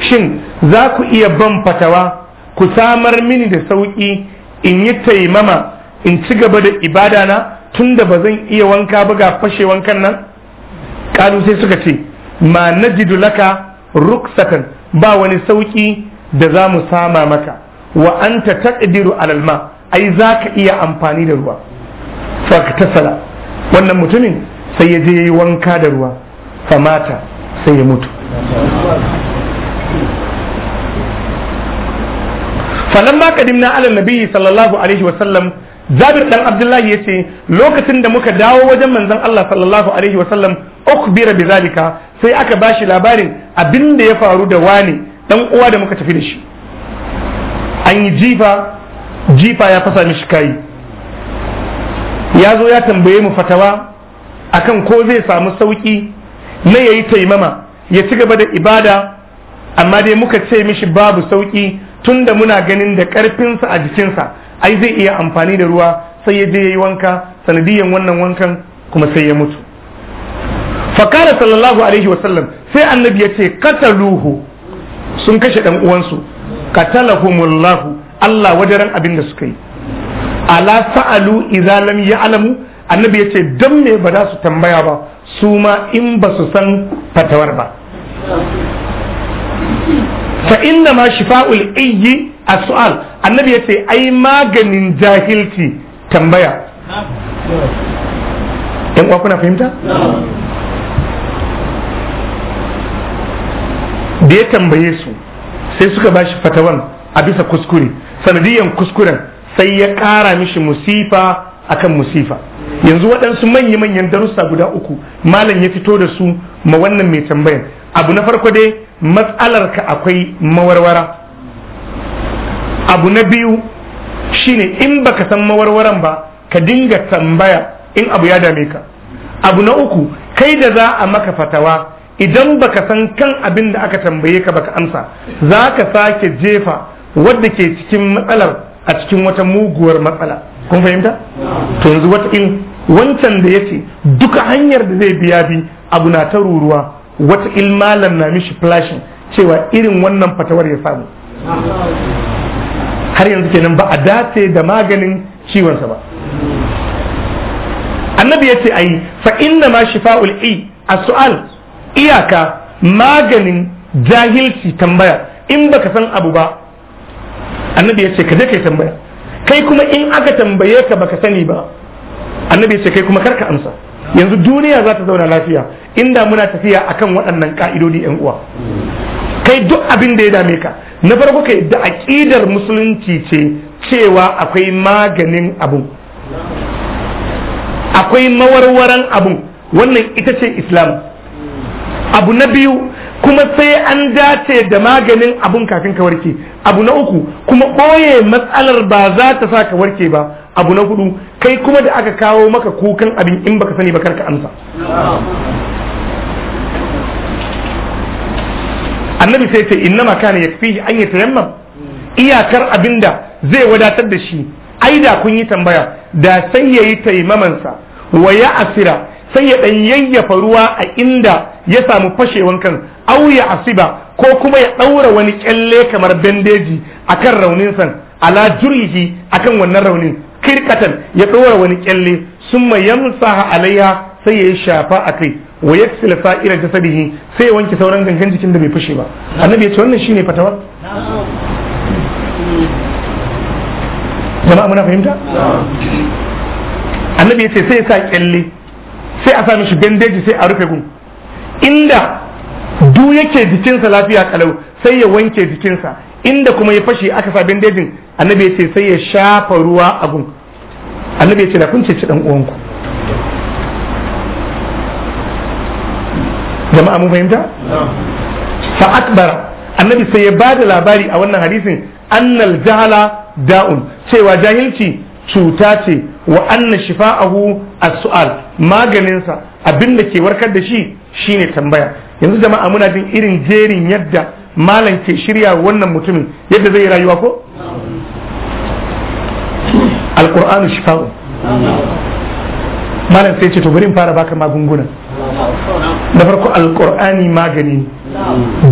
shin za ku iya ban fatawa ku samar mini da sauƙi in yi taimama in ci gaba da ibada na tun da ba zan iya wanka ba ga fashe wankan nan kalu sai suka ce ma na laka ruksakan ba wani sauƙi da za mu sama maka wa ta taqdiru alal alalma, ai za ka iya amfani da ruwa faktasala wannan mutumin sai ya je yi wanka da ruwa kamata sai ya mutu falamma kadimna na nabiyyi sallallahu alaihi wa sallam Jabir dan Abdullahi yace lokacin da muka dawo wajen manzon Allah sallallahu alaihi wa sallam ukbira bizalika sai aka bashi labarin abinda ya faru da wani dan uwa da muka tafi da shi an yi jifa jifa ya fasa mishi kai ya zo ya tambaye mu fatawa akan ko zai samu sauki na yayi taimama ya ci gaba da ibada amma dai muka ce mishi babu sauki tunda muna ganin da karfinsa a jikinsa ai zai iya amfani da ruwa sai ya je ya yi wanka sanadiyan wannan wankan kuma sai ya mutu fakara sallallahu alaihi wasallam sai annabi ya ce kataluhu sun kashe dan uwansu katalahumullahu Allah wajaran abin da suka yi ala sa'alu idza lam ya'lamu annabi ce dan me ba za su tambaya ba su ma in ba su san fatawar ba fa inna ma shifa'ul ayyi as'al annabi yace ai maganin jahilci tambaya yan uwa kuna fahimta da ya tambaye su sai suka ba shi fatawan a bisa kuskure sanadiyan kuskuren sai ya ƙara mishi musifa akan musifa yanzu waɗansu manya-manyan darussa guda uku malam ya fito da su ma wannan mai tambayan abu na farko dai matsalarka akwai mawarwara abu na biyu shine in baka san mawarwaran ba ka dinga tambaya in abu ya dame ka abu na uku kai da za a maka fatawa idan baka san kan abin da aka tambaye ka ba ka amsa za ka sake jefa wadda ke cikin matsalar a cikin wata muguwar matsala kun fahimta to yanzu wata in wancan da ya ce duka hanyar da zai biya bi abu na ta ruruwa wata ilmalan na mishi flashing cewa irin wannan fatawar ya samu har yanzu kenan ba a dace da maganin ciwonsa ba annabi ya ce ai fa inna ma shifa'ul i a su'al iyaka maganin jahilci tambaya in baka san abu ba annabi ya ce ka je kai tambaya kai kuma in aka tambaye ka baka sani ba annabi ya ce kai kuma karka amsa yanzu duniya za ta zauna lafiya inda muna tafiya akan waɗannan ka'idodi yan uwa kai duk abin da ya dame ka na farko kai da aƙidar musulunci ce cewa akwai maganin abu akwai mawarwaran abu wannan ita ce islam abu na biyu kuma sai an dace da maganin abun kafin ka warke abu na uku kuma ɓoye matsalar ba za ta sa ka warke ba abu na hudu kai kuma da aka kawo maka kukan abin in baka sani ba karka amsa annabi sai ce innama kana yakfihi an yatayammam iyakar abinda zai wadatar da shi ai da kun yi tambaya da sai yayi taimamansa wa ya asira sai ya dan yayyafa ruwa a inda ya samu fashewan kan au ya asiba ko kuma ya daura wani kyalle kamar bandeji akan raunin san ala jurihi akan wannan raunin kirkatan ya ɗora wani kyalle summa yamsaha Alayya sai ya shafa a kai wa yaksil fa'ira jasadihi sai ya wanke sauran gangan jikin da bai fashe ba annabi ya ce wannan shine fatawa jama'a muna fahimta annabi ya ce sai ya sa kyalle sai a sa mishi bandeji sai a rufe gun inda du yake jikinsa lafiya kalau sai ya wanke jikinsa inda kuma ya fashe aka sa bandejin annabi ya ce sai ya shafa ruwa a gun annabi ya ce da kun ceci dan uwanku jama'a mun fahimta fa akbara annabi sai ya bada labari a wannan hadisin annal jahala da'un cewa jahilci cuta ce wa anna shifa'ahu as-su'al maganinsa abinda ke warkar da shi shine tambaya yanzu jama'a muna jin irin jerin yadda malam ke shirya wannan mutumin yadda zai rayuwa ko Alƙur'anu shifa'u malam sai ce to bari in fara baka magunguna da farko Alƙur'ani magani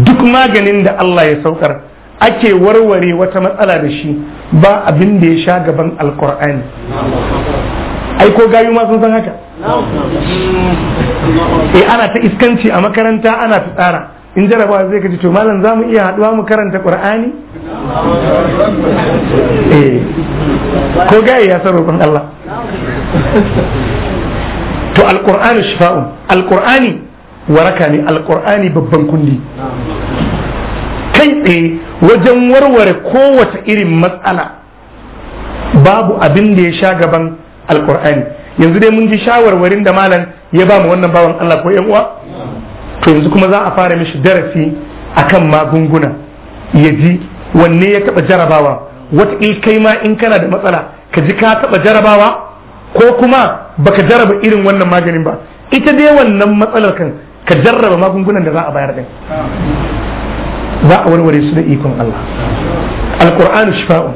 duk maganin da Allah ya saukar ake warware wata matsala da shi ba abin da ya sha gaban Alƙur'ani. ai ko gayu ma sun san haka eh ana ta iskanci a makaranta ana ta tsara in jarabawa zai kaji to malam za mu iya haɗuwa mu karanta ƙur'ani eh. ko gaye ya san kun Allah to alqur'ani shifa'un alqur'ani waraka ne alqur'ani babban kundi kai tsaye wajen warware kowace irin matsala babu abin da ya sha gaban alqur'ani yanzu dai mun ji shawarwarin da malam ya ba mu wannan bawan Allah ko yan uwa to yanzu kuma za a fara mishi darasi akan magunguna ya ji wanne ya taɓa jarabawa wataƙil kai ma in kana da matsala ka ji ka taɓa jarabawa ko kuma baka jaraba irin wannan maganin ba ita dai wannan matsalar kan ka jarraba magungunan da za a bayar din za a warware su da ikon Allah alqur'anu shifa'un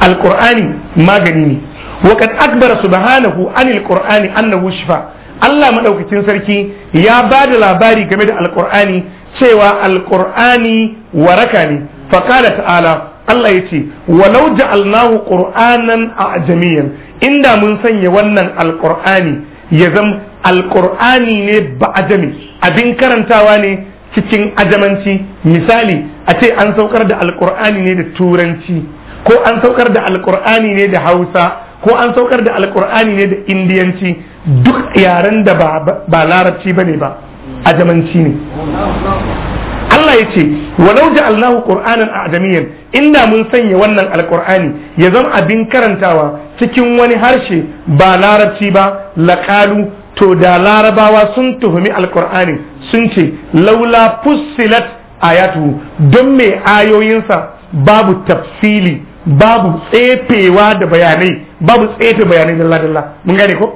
alqur'ani magani ne wa kad akbara subhanahu anil qur'ani annahu shifa Allah madaukakin sarki ya ba da labari game da alqur'ani cewa alqur'ani waraka ne faqala ta'ala Allah ya ce walau ja'alnahu qur'anan ajamiyan inda mun sanya wannan alqur'ani ya zam alqur'ani ne ba'ajami abin karantawa ne cikin ajamanci misali a ce an saukar da alqur'ani ne da turanci ko an saukar da alqur'ani ne da hausa ko an saukar da alqur'ani ne da indiyanci duk yaren da ba larabci bane ba ajamanci ne Allah ya ce walau ja'alnahu qur'anan a'jamiyyan inda mun sanya wannan alqur'ani ya zama abin karantawa cikin wani harshe ba larabci ba laƙalu to da larabawa sun tuhumi alqur'ani sun ce laula fussilat ayatu don me ayoyinsa babu tafsili babu tsefewa da bayanai babu tsefe bayanai dalla dalla mun gane ko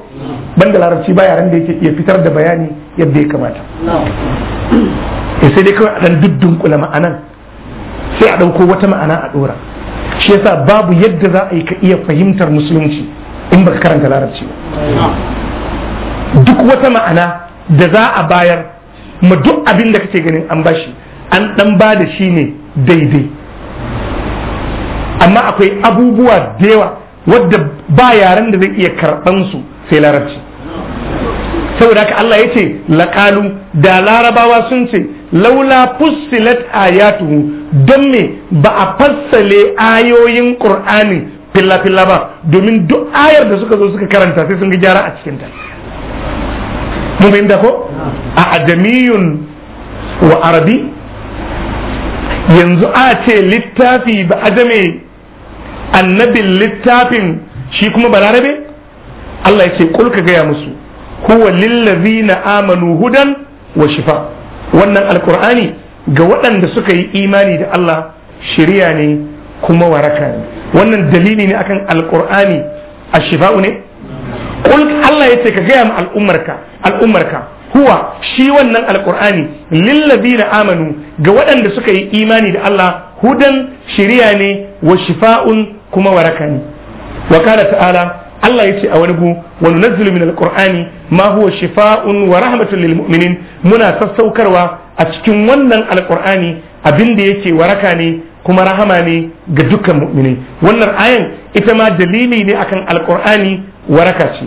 banda larabci ba yaran da yake iya fitar da bayani yadda ya kamata to sai dai kawai a dan duddunkula ma'anan sai a ɗauko wata ma'ana a ɗora shi yasa babu yadda za a yi ka iya fahimtar musulunci in baka karanta larabci ba duk wata ma'ana da za a bayar ma duk abin da kake ganin an bashi an dan ba da shi ne daidai amma akwai abubuwa da yawa wadda ba yaren da zai iya karɓan su sai larabci saboda haka Allah ya ce laƙalu da larabawa sun ce laula fussilat ayatuhu don me ba a fassale ayoyin ƙur'anin filla-filla ba domin duk ayar da suka zo suka karanta sai sun ga gyara a ta. mun da ko a ajamiyun wa arabi yanzu a ce littafi ba ajame annabin littafin shi kuma ba larabe? Allah ya ce kulka gaya musu huwa lillazina amanu hudan wa shifa wannan alqur'ani ga waɗanda suka yi imani da Allah shirya ne kuma waraka ne wannan dalili ne akan alqur'ani ashifa'u ne qul Allah ce ka gaya ma al'ummarka al'ummarka huwa shi wannan alqur'ani lillazina amanu ga waɗanda suka yi imani da Allah hudan shirya ne wa shifa'un kuma waraka ne wa ta'ala Allah ya ce a wani gu wa nunazzilu min alƙur'ani ma huwa shifaa'un wa rahmatun lil mu'minin muna sassaukarwa a cikin wannan alqur'ani abin da yake waraka ne kuma rahama ne ga dukkan mumini wannan ayan ita ma dalili ne akan alƙur'ani waraka ce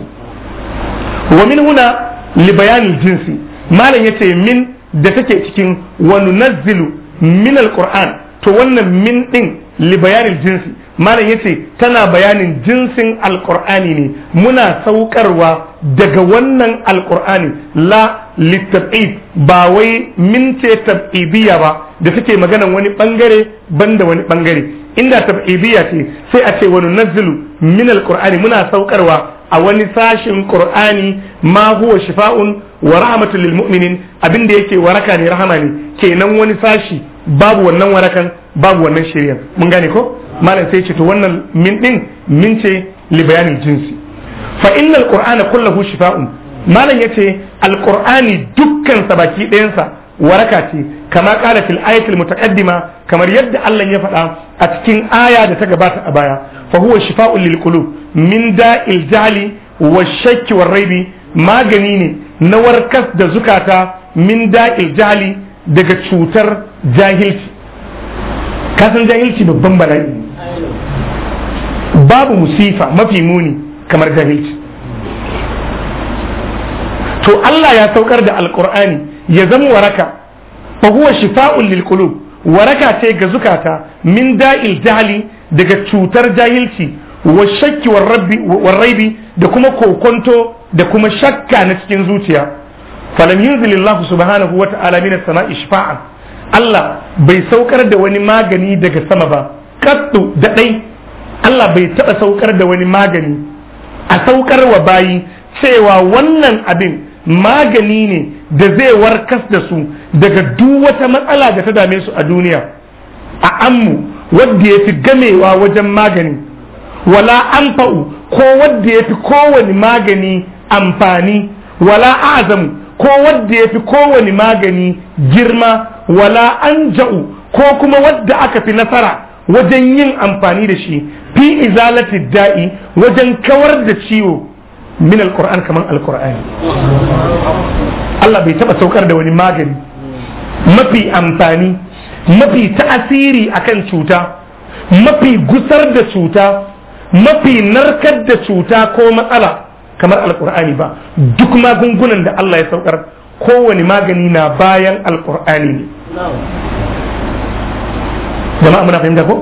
wa min huna li bayani jinsi malam yace min da take cikin wa nunazzilu min alqur'an to wannan min din li bayanil jinsi malam yace tana bayanin jinsin Alƙur'ani ne muna saukarwa daga wannan alkur'ani la littaf'i ba wai min ce ba da suke maganan wani bangare banda wani bangare inda tab'idiyya ce sai a ce wani nazzilu min alqur'ani muna saukarwa a wani sashin qur'ani ma huwa shifa'un wa rahmatul lil mu'minin abinda yake waraka ne rahama ne kenan wani sashi babu wannan warakan babu wannan shirya mun gane ko malam sai ce to wannan min din min ce li bayanin jinsi fa innal qur'ana kullahu shifa'un malam yace alqur'ani dukkan sa baki ɗayan waraka ce kama kala fil ayatil mutaqaddima kamar yadda Allah ya faɗa a cikin aya da ta gabata a baya fa huwa shifa'un lil qulub min da'il jahli wa shakki war raibi magani ne na warkas da zukata min da'il jahli daga cutar jahilci kasan jahilci babban bala'i babu musifa mafi muni kamar jahilci to Allah ya saukar da alkur'ani ya zama waraka fa huwa shifa'un lil qulub waraka ce ga zukata min da'il jahli daga cutar jahilci wa shakki war rabbi da kuma kokonto da kuma shakka na cikin zuciya falam yunzil Allah subhanahu wa ta'ala min as-sama'i shifa'an Allah bai saukar da wani magani daga sama ba kattu da dai Allah bai taba saukar da wani magani a saukar wa bayi cewa wannan abin magani ne da zai warkas da su daga duk wata matsala da ta dame su a duniya a ammu wadda ya fi gamewa wajen magani wala amfa'u ko wadda ya fi kowane magani amfani wala azamu ko wadda ya fi kowane magani girma wala an ja'u ko kuma wadda aka fi nasara wajen yin amfani da shi fi izalati da'i wajen kawar da ciwo min alkur'an kaman alkur'ani Allah bai taba saukar da wani magani mafi amfani mafi ta'asiri akan cuta mafi gusar da cuta mafi narkar da cuta ko matsala kamar alkur'ani ba duk magungunan da Allah ya saukar kowane magani na bayan alkur'ani ne jama'a muna fahimta ko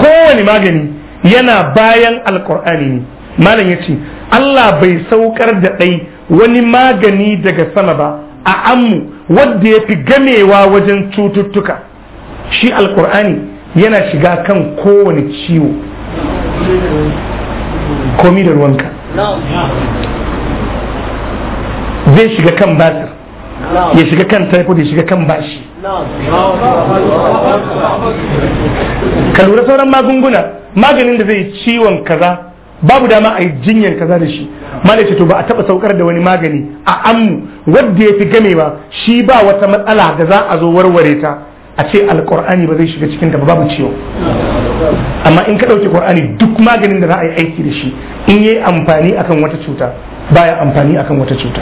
kowane magani yana bayan alkur'ani ne malam ya ce Allah bai saukar da ɗai wani magani daga sama ba a ammu wadda ya fi gamewa wajen cututtuka shi alkur'ani yana shiga kan kowane ciwo komi da ruwanka zai shiga kan basir ya shiga kan typhoid ya shiga kan bashi ka lura sauran magunguna maganin da zai ciwon kaza babu dama a yi jinyar kaza da shi malaita to ba a taba saukar da wani magani a ammu wadda ya fi gamewa shi ba wata matsala da za a zo warware ta a ce alkur'ani ba zai shiga cikin ba babu ciwo amma in ka ɗauki qur'ani duk maganin da za a yi aiki da shi in yi amfani akan wata cuta baya amfani akan wata cuta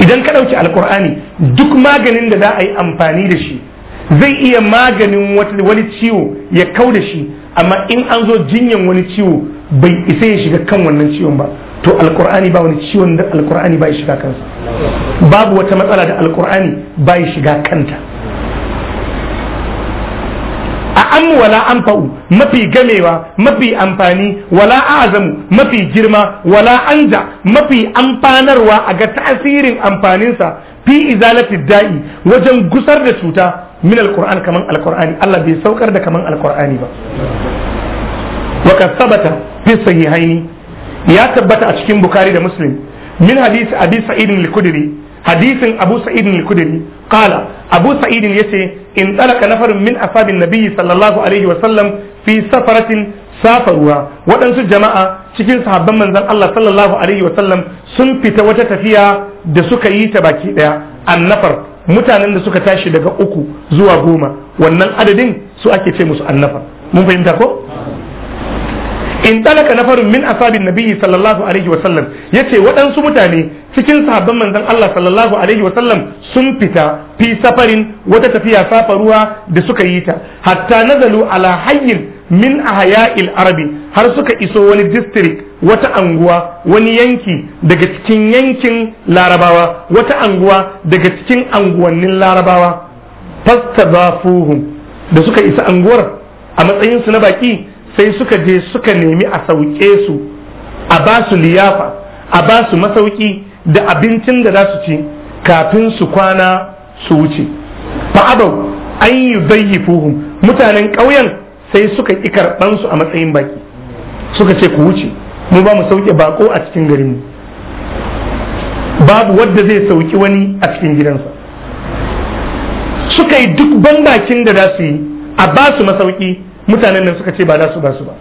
idan ka ɗauki alkur'ani duk maganin da za a yi amfani da shi zai iya maganin wani ciwo ya kau da shi amma in an zo jinyan wani ciwo bai isa ya shiga kan wannan ciwon ba to alkur'ani ba wani ciwon da alkur'ani ba shiga kansa babu wata matsala da alkur'ani ba shiga kanta a ammu wala anfa'u mafi gamewa mafi amfani wala azamu mafi girma wala anja mafi amfanarwa a ga tasirin amfaninsa fi izalati da'i wajen gusar da cuta min alquran kamar alqur'ani Allah bai saukar da kamar alkur'ani ba wa sabata fi sahihaini ya tabbata a cikin bukari da muslim min hadisi abi sa'id al-kudri hadisin abu sa'id al-kudri qala abu sa'id yace in talaka nafarun min ashabin nabiyyi sallallahu alaihi wa sallam fi safaratin safarwa waɗansu jama'a cikin sahabban manzon Allah sallallahu alaihi wa sallam sun fita wata tafiya da suka yi ta baki daya annafar mutanen da suka tashi daga uku zuwa goma wannan adadin su ake ce musu annafar mun fahimta ko in talaka nafarin min asabin nabiyyi sallallahu alaihi wa sallam yace waɗansu mutane cikin sahabban manzon Allah sallallahu alaihi wa sallam sun fita fi safarin wata tafiya safa ruwa da suka yi ta hatta nazalu ala hayyin min ahya'il arabi har suka iso wani district wata anguwa wani yanki daga cikin yankin larabawa wata anguwa daga cikin anguwannin larabawa fastabafuhum da suka isa anguwar a matsayin su na baki sai suka je suka nemi a sauke su a ba su liyafa a ba su masauki da abincin da za su ci kafin su kwana su wuce fa'abau an yi zayyifuhum mutanen ƙauyen sai suka ƙi karɓansu a matsayin baki suka ce ku wuce mu ba mu sauke bako a cikin garin babu wadda zai sauki wani a cikin gidansa suka yi duk bakin da za su yi a ba su masauki mutanen nan suka ce ba za su ba su ba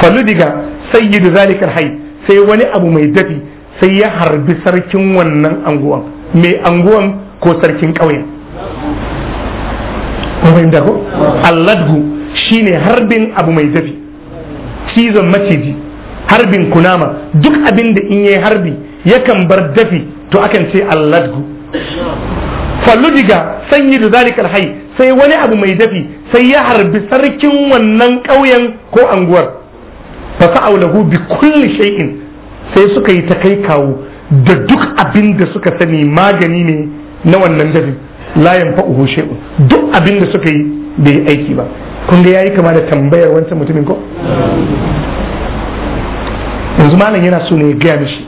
faludiga sayyidu zalikal hayy sai wani abu mai dafi sai ya harbi sarkin wannan anguwan mai anguwan ko sarkin ƙauyen fahimta ko alladgu shine harbin abu mai dafi cizon maciji harbin kunama duk abin da in yayi harbi yakan bar dafi to akan ce alladgu faludiga da zalikar hayy sai wani abu mai dafi sai ya harbi sarkin wannan ƙauyen ko anguwar ba sa'au lahu bi kulli shay'in sai suka yi ta kai kawo da duk abin da suka sani magani ne na wannan dafi la yanfa'uhu shay'un duk abin da suka yi bai yi aiki ba kun ga yayi kama da tambayar wancan mutumin ko yanzu malam yana so ne ya gaya mishi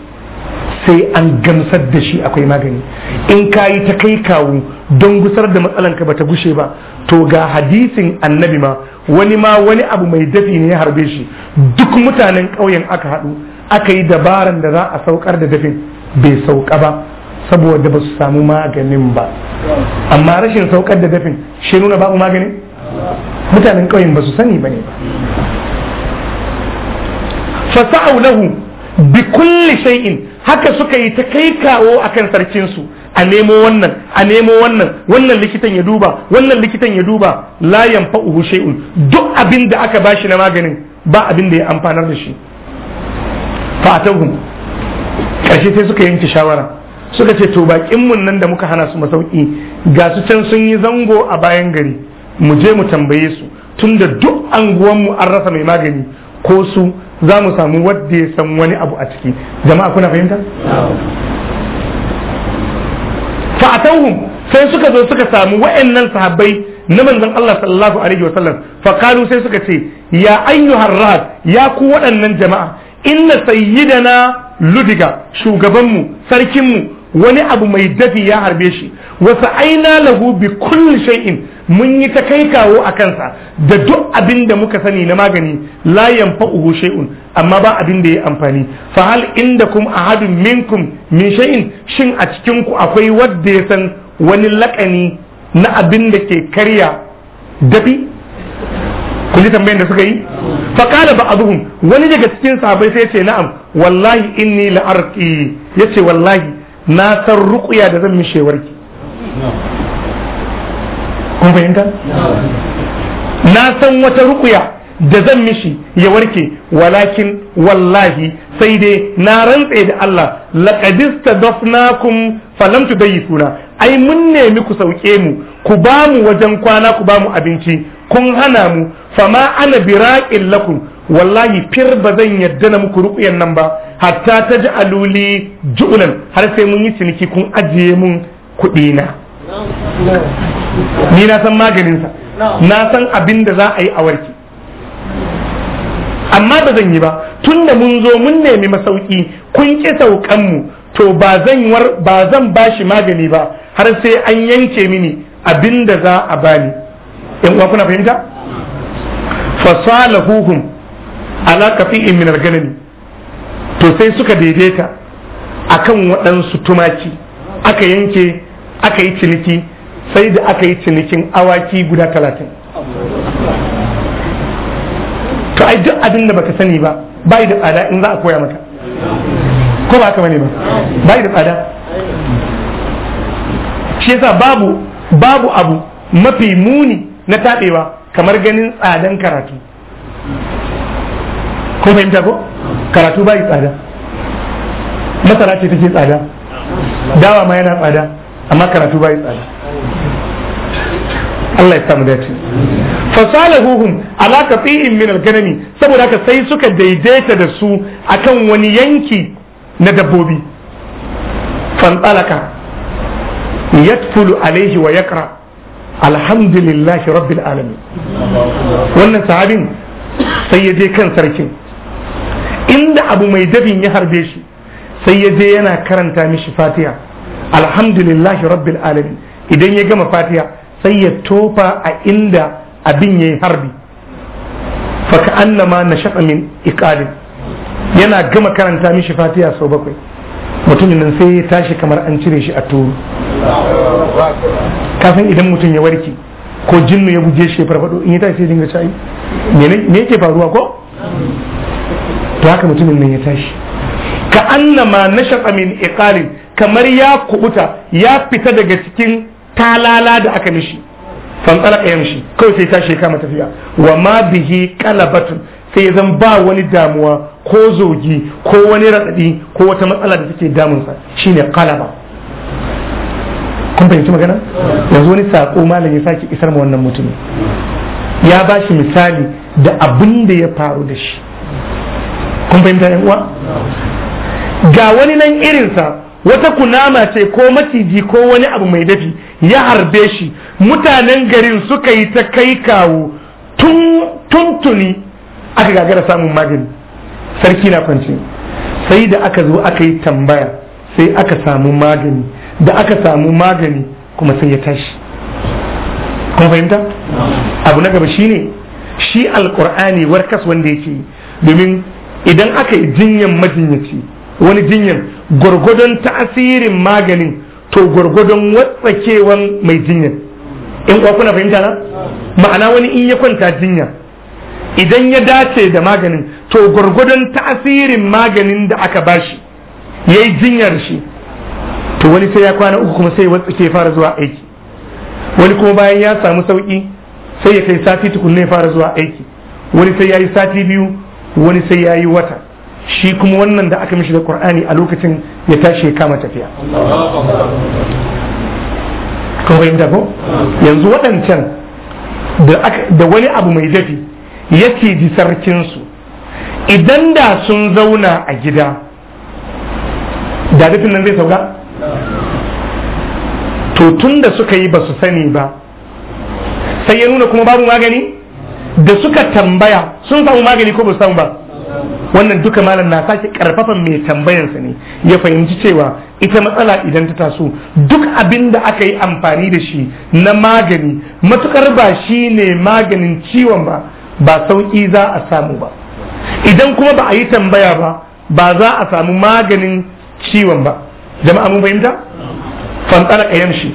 sai an gamsar da shi akwai magani in ka yi ta kai kawo don gusar da matsalanka bata gushe ba to ga hadisin annabi ma wani ma wani abu mai dafi ne ya harbe shi duk mutanen ƙauyen aka haɗu aka yi dabaran da za a saukar da dafin bai sauka ba saboda ba su samu maganin ba amma rashin saukar da dafin shi nuna babu maganin mutanen ƙauyen ba su sani ba ne ba fasa'u lahu bi kulli shay'in haka suka yi ta kai kawo akan sarkinsu a nemo wannan a nemo wannan wannan likitan ya duba wannan likitan ya duba la yanfa'uhu shay'un duk abin da aka bashi na maganin ba abin da ya amfanar da shi Fa fatahum ƙarshe sai suka yanke shawara suka ce to bakin mun nan da muka hana su masauki ga su can sun yi zango a bayan gari mu je mu tambaye su tunda duk anguwan mu an rasa mai magani ko su za mu samu wadda ya san wani abu a ciki jama'a kuna fahimta fa sai suka zo suka samu wa'annan sahabbai na manzon Allah sallallahu alaihi wasallam fa kalu sai suka ce ya ayyuhar rahab ya ku waɗannan jama'a inna sayyidana ludiga shugabanmu sarkinmu wani abu mai dafi ya harbe shi wasu aina lahu bi kulli shay'in mun yi ta kai kawo a kansa da duk abin da muka sani na magani layan yanfa'uhu shay'un amma ba abin da ya amfani fa hal a ahadun minkum min sha'in shin a cikinku akwai wadda ya san wani lakani na abin da ke karya dabi kun ji tambayin da suka yi faƙala ba ba'dhum wani daga cikin sahabbai sai ce na'am wallahi inni ya ce wallahi na san ruƙuya da zan mishewarki kun fahimta na san wata rukuya da zan mishi ya warke walakin wallahi sai dai na rantse da Allah laqadista dafnakum falam tudayyifuna ai mun nemi ku sauke mu ku ba mu wajen kwana ku ba mu abinci kun hana mu fama ana biraqin lakum wallahi fir ba zan yadda na muku rukuyan nan ba hatta taj'aluli ju'lan har sai mun yi ciniki kun ajiye mun kuɗi na ni na san maganinsa na san abin da za a yi a warki amma ba zan yi ba tun da mun zo mun nemi masauki kun ƙi mu, to ba zan war ba zan bashi magani ba har sai an yanke mini abin da za a bani in uwa kuna fahimta salahuhum ala kafi'in min alganani to sai suka daidaita akan waɗansu tumaki aka yanke aka yi ciniki sai da aka yi cinikin awaki guda talatin to ai duk abin da baka sani ba bai da tsada in za a koya maka ko ba haka bane ba bai da tsada shi yasa babu babu abu mafi muni na taɓewa kamar ganin tsadan karatu ko fahimta ko karatu bai tsada masara ce take tsada dawa ma yana tsada amma karatu bai tsada Allah ya samu dace fasalahuhum ala qati'in min al-ganami saboda haka sai suka daidaita da su akan wani yanki na dabbobi fantalaka yadfulu alaihi wa yaqra alhamdulillahi rabbil alamin wannan sahabin sai ya je kan sarkin inda abu mai dabin ya harbe shi sai ya je yana karanta mishi fatiha alhamdulillahi rabbil alamin idan ya gama fatiha sai ya tofa a inda abin ya yi harbi annama na nashaqa min iqalin yana gama karanta mishi fatiha sau bakwai mutumin nan sai ya tashi kamar an cire shi a turu kafin idan mutum ya warke ko jinnu ya guje shi farfado in ya tashi sai dinga shayi me yake faruwa ko to haka mutumin nan ya tashi ka annama na nashaqa min iqalin kamar ya kubuta ya fita daga cikin talala da aka mishi fantsala ka mishi. kawai sai tashi kama tafiya wa ma bihi qalabatun sai zan ba wani damuwa ko zogi ko wani radadi ko wata matsala da take damunsa shine kalaba kun fahimci magana yanzu wani saƙo malam ya sake isar ma wannan mutumin ya ba shi misali da abin da ya faru da shi kun fahimta yan uwa ga wani nan irinsa wata kunama ce ko maciji ko wani abu mai dafi ya harbe shi mutanen garin suka yi ta kai kawo tuntuni aka gagara samun magani sarki na kwanci sai da aka zo aka yi tambaya sai aka samu magani da aka samu magani kuma sai ya tashi Kuma fahimta abu na gaba shine shi alkur'ani warkas wanda yake domin idan aka yi jinyan majinyaci wani jinyan gwargwadon tasirin maganin to gwargwadon watsakewan mai jinya in kuwa kuna fahimta na ma'ana wani in ya kwanta jinya idan ya dace da maganin to gwargwadon tasirin maganin da aka bashi ya yi jinyar shi to wani sai ya kwana uku kuma sai watsake fara zuwa aiki wani kuma bayan ya samu sauki sai ya kai sati tukunne fara zuwa aiki wani sai ya yi sati biyu wani sai ya yi wata shi kuma wannan da aka mishi da qur'ani a lokacin ya tashi ya kama tafiya kun ko yanzu waɗancan da wani abu mai dafi ya ji sarkinsu idan da sun zauna a gida da dafin nan zai sauka to tun da suka yi ba su sani ba sai ya nuna kuma babu magani da suka tambaya sun samu magani ko ba su samu ba wannan duka malam na sake karfafan mai tambayansa ne ya fahimci cewa ita matsala idan ta taso duk abin da aka yi amfani da shi na magani matukar ba shi ne maganin ciwon ba ba sauƙi za a samu ba idan kuma ba a yi tambaya ba ba za a samu maganin ciwon ba jama'a mun fahimta fantsara kayan shi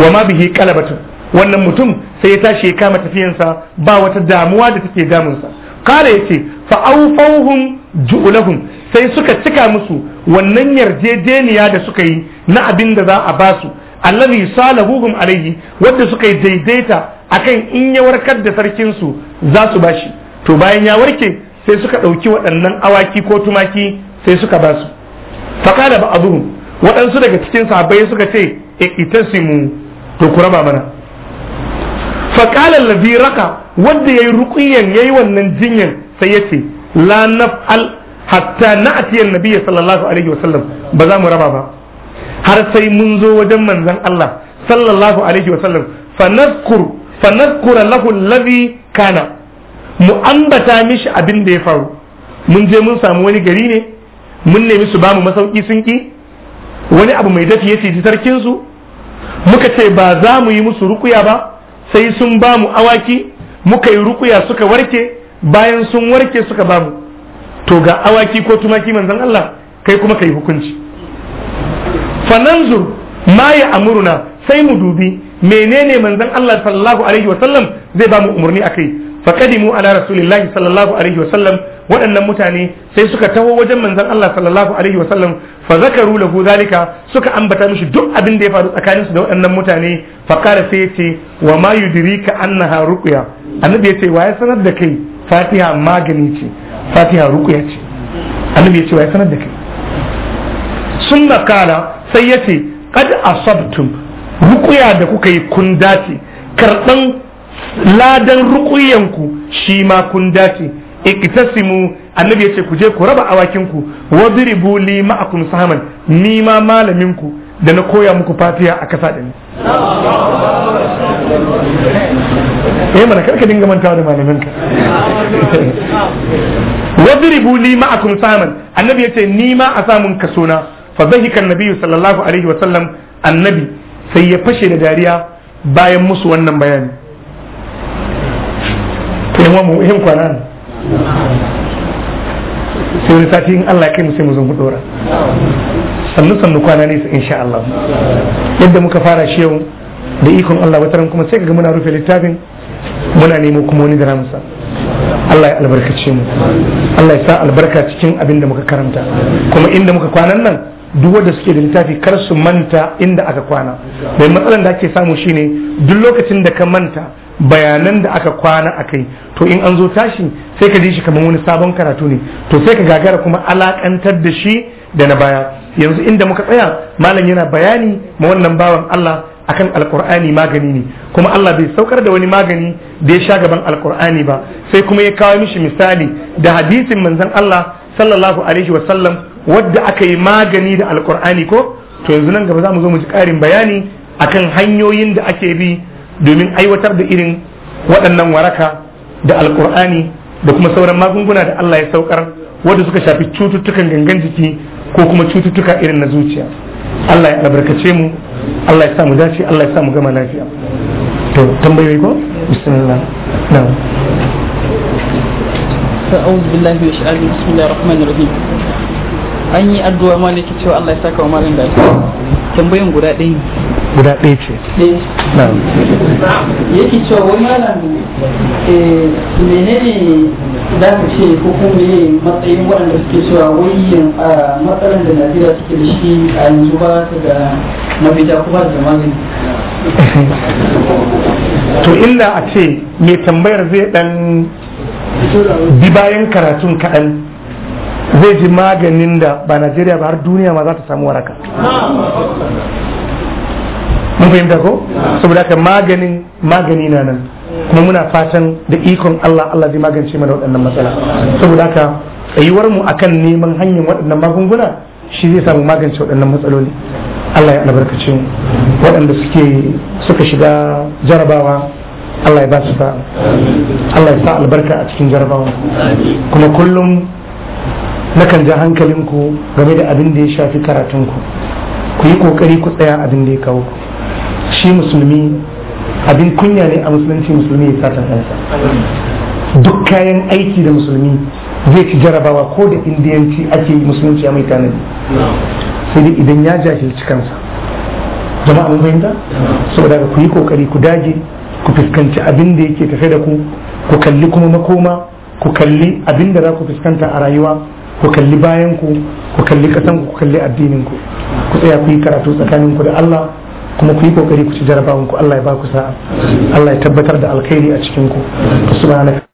wa ma bihi kalabatu wannan mutum sai ya tashi ya kama tafiyansa ba wata damuwa da take damunsa kare ya ce fa aufauhum ju'ulahum sai suka cika musu wannan yarjejeniya da suka yi na abin da za a ba su allazi salahuhum alayhi wanda suka yi daidaita akan in ya warkar da sarkin su za su bashi to bayan ya warke sai suka ɗauki waɗannan awaki ko tumaki sai suka ba su ba ba'dhum waɗansu daga cikin sahabbai suka ce e itasimu to ku raba mana faqala allazi raka wanda yayi ya yayi wannan jinyan sai ya ce la naf'al hatta na'ti annabi sallallahu alaihi wasallam ba za mu raba ba har sai mun zo wajen manzon Allah sallallahu alaihi wasallam fa nadhkur fa nadhkura lahu alladhi kana mu ambata mishi abin da ya faru mun je mun samu wani gari ne mun nemi su bamu masauki sun ki wani abu mai dafi ya ci sarkin su muka ce ba za mu yi musu rukuya ba sai sun bamu awaki muka yi rukuya suka warke bayan sun warke suka bamu to ga awaki ko tumaki manzon Allah kai kuma kai hukunci fananzur ma ya amuruna sai mu dubi menene manzon Allah sallallahu alaihi wa zai bamu umarni akai faqadimu ala rasulillahi sallallahu alaihi wa waɗannan mutane sai suka taho wajen manzon Allah sallallahu alaihi wa fa zakaru lahu zalika suka ambata mishi duk abin da ya faru tsakaninsu da waɗannan mutane fa qala sai wa ma yudrika annaha ruqya annabi yace wa ya sanar da kai fatiha magani ce fatiha rukuya ce annabi ya ce ya sanar da kai sun kala sai ya ce kad asabtum rukuya da kuka yi kun dace karɓan ladan rukuyanku shi ma kun dace iktasimu annabi ya ce ku je ku raba awakin awakinku wadribu li ma'akum sahaman ni ma malamin ku da na koya muku fatiha a kasa da ni eh mana karka dinga mantawa da wa diribu li ma'akum saman annabi yace ni ma a samun na. fa bahika annabi sallallahu alaihi wa sallam annabi sai ya fashe da dariya bayan musu wannan bayani to yan mu yan kwana sai wani sati in Allah ya kai mu sai mu zo mu dora sannu sannu kwana ne insha Allah yadda muka fara shi yau da ikon Allah wataran kuma sai ga muna rufe littafin muna nemo kuma wani da namusa Allah ya albarkace mu Allah ya sa albarka cikin abin da muka karanta kuma inda muka kwanan nan duk wanda suke da littafi kar su manta inda aka kwana mai matsalan da ake samu shine duk lokacin da ka manta bayanan da aka kwana a kai to in an zo tashi sai ka ji shi kamar wani sabon karatu ne to sai ka gagara kuma alakantar da shi da na baya yanzu inda muka tsaya malam yana bayani ma wannan bawan Allah akan alkur'ani magani ne kuma Allah bai saukar da wani magani da ya sha gaban alkur'ani ba sai kuma ya kawo mishi misali da hadisin manzon Allah sallallahu alaihi wa sallam wadda aka yi magani da alkur'ani ko to yanzu nan gaba za mu zo mu ji ƙarin bayani akan hanyoyin da ake bi domin aiwatar da irin waɗannan waraka da alkur'ani da kuma sauran magunguna da Allah ya saukar wadda suka shafi cututtukan gangan jiki ko kuma cututtuka irin na zuciya Allah ya albarkace mu Allah ya sa mu dace Allah ya sa mu gama lafiya to tambayoyi ko bismillah na'am أعوذ بالله من الشيطان bismillahir rahmanir rahim an yi addu'a ma ne cewa Allah ya saka wa malin da tambayoyin guda ɗaya guda ɗaya ce yake cewa wani malam eh, menene za ka ce ko kuma ne matsayin waɗanda suke cewa a matsalar da najeriya suke da shi a yanzu ba ta da mafita kuma da magani to illa a ce mai tambayar zai ɗan bi bayan karatun kaɗan zai ji maganin da ba najeriya ba har duniya ma za ta samu waraka mun fahimta ko saboda haka maganin magani na nan kuma muna fatan da ikon Allah Allah zai magance mana waɗannan matsala saboda haka tsayuwar mu akan neman hanyar waɗannan magunguna shi zai samu magance waɗannan matsaloli Allah ya albarkace mu waɗanda suke suka shiga jarabawa Allah ya ba su sa Allah ya sa albarka a cikin jarabawa kuma kullum nakan ja hankalinku game da abin da ya shafi karatunku ku yi kokari ku tsaya abin da ya kawo ku shi musulmi abin kunya ne a musulunci musulmi ya satan kansa duk kayan aiki da musulmi zai ci jarabawa ko da indiyanci ake musulunci a mai tanadi sai dai idan ya jahilci kansa jama'a mun fahimta saboda ku yi kokari ku dage ku fuskanci abin da yake tafe da ku ku kalli kuma makoma ku kalli abin da za ku fuskanta a rayuwa ku kalli bayan ku ku kalli kasan ku kalli addinin ku ku tsaya ku yi karatu tsakanin ku da Allah kuma ku yi kokari ku ci jarabawanku Allah ya ba ku sa'a Allah ya tabbatar da alkhairi a cikin ku subhanaka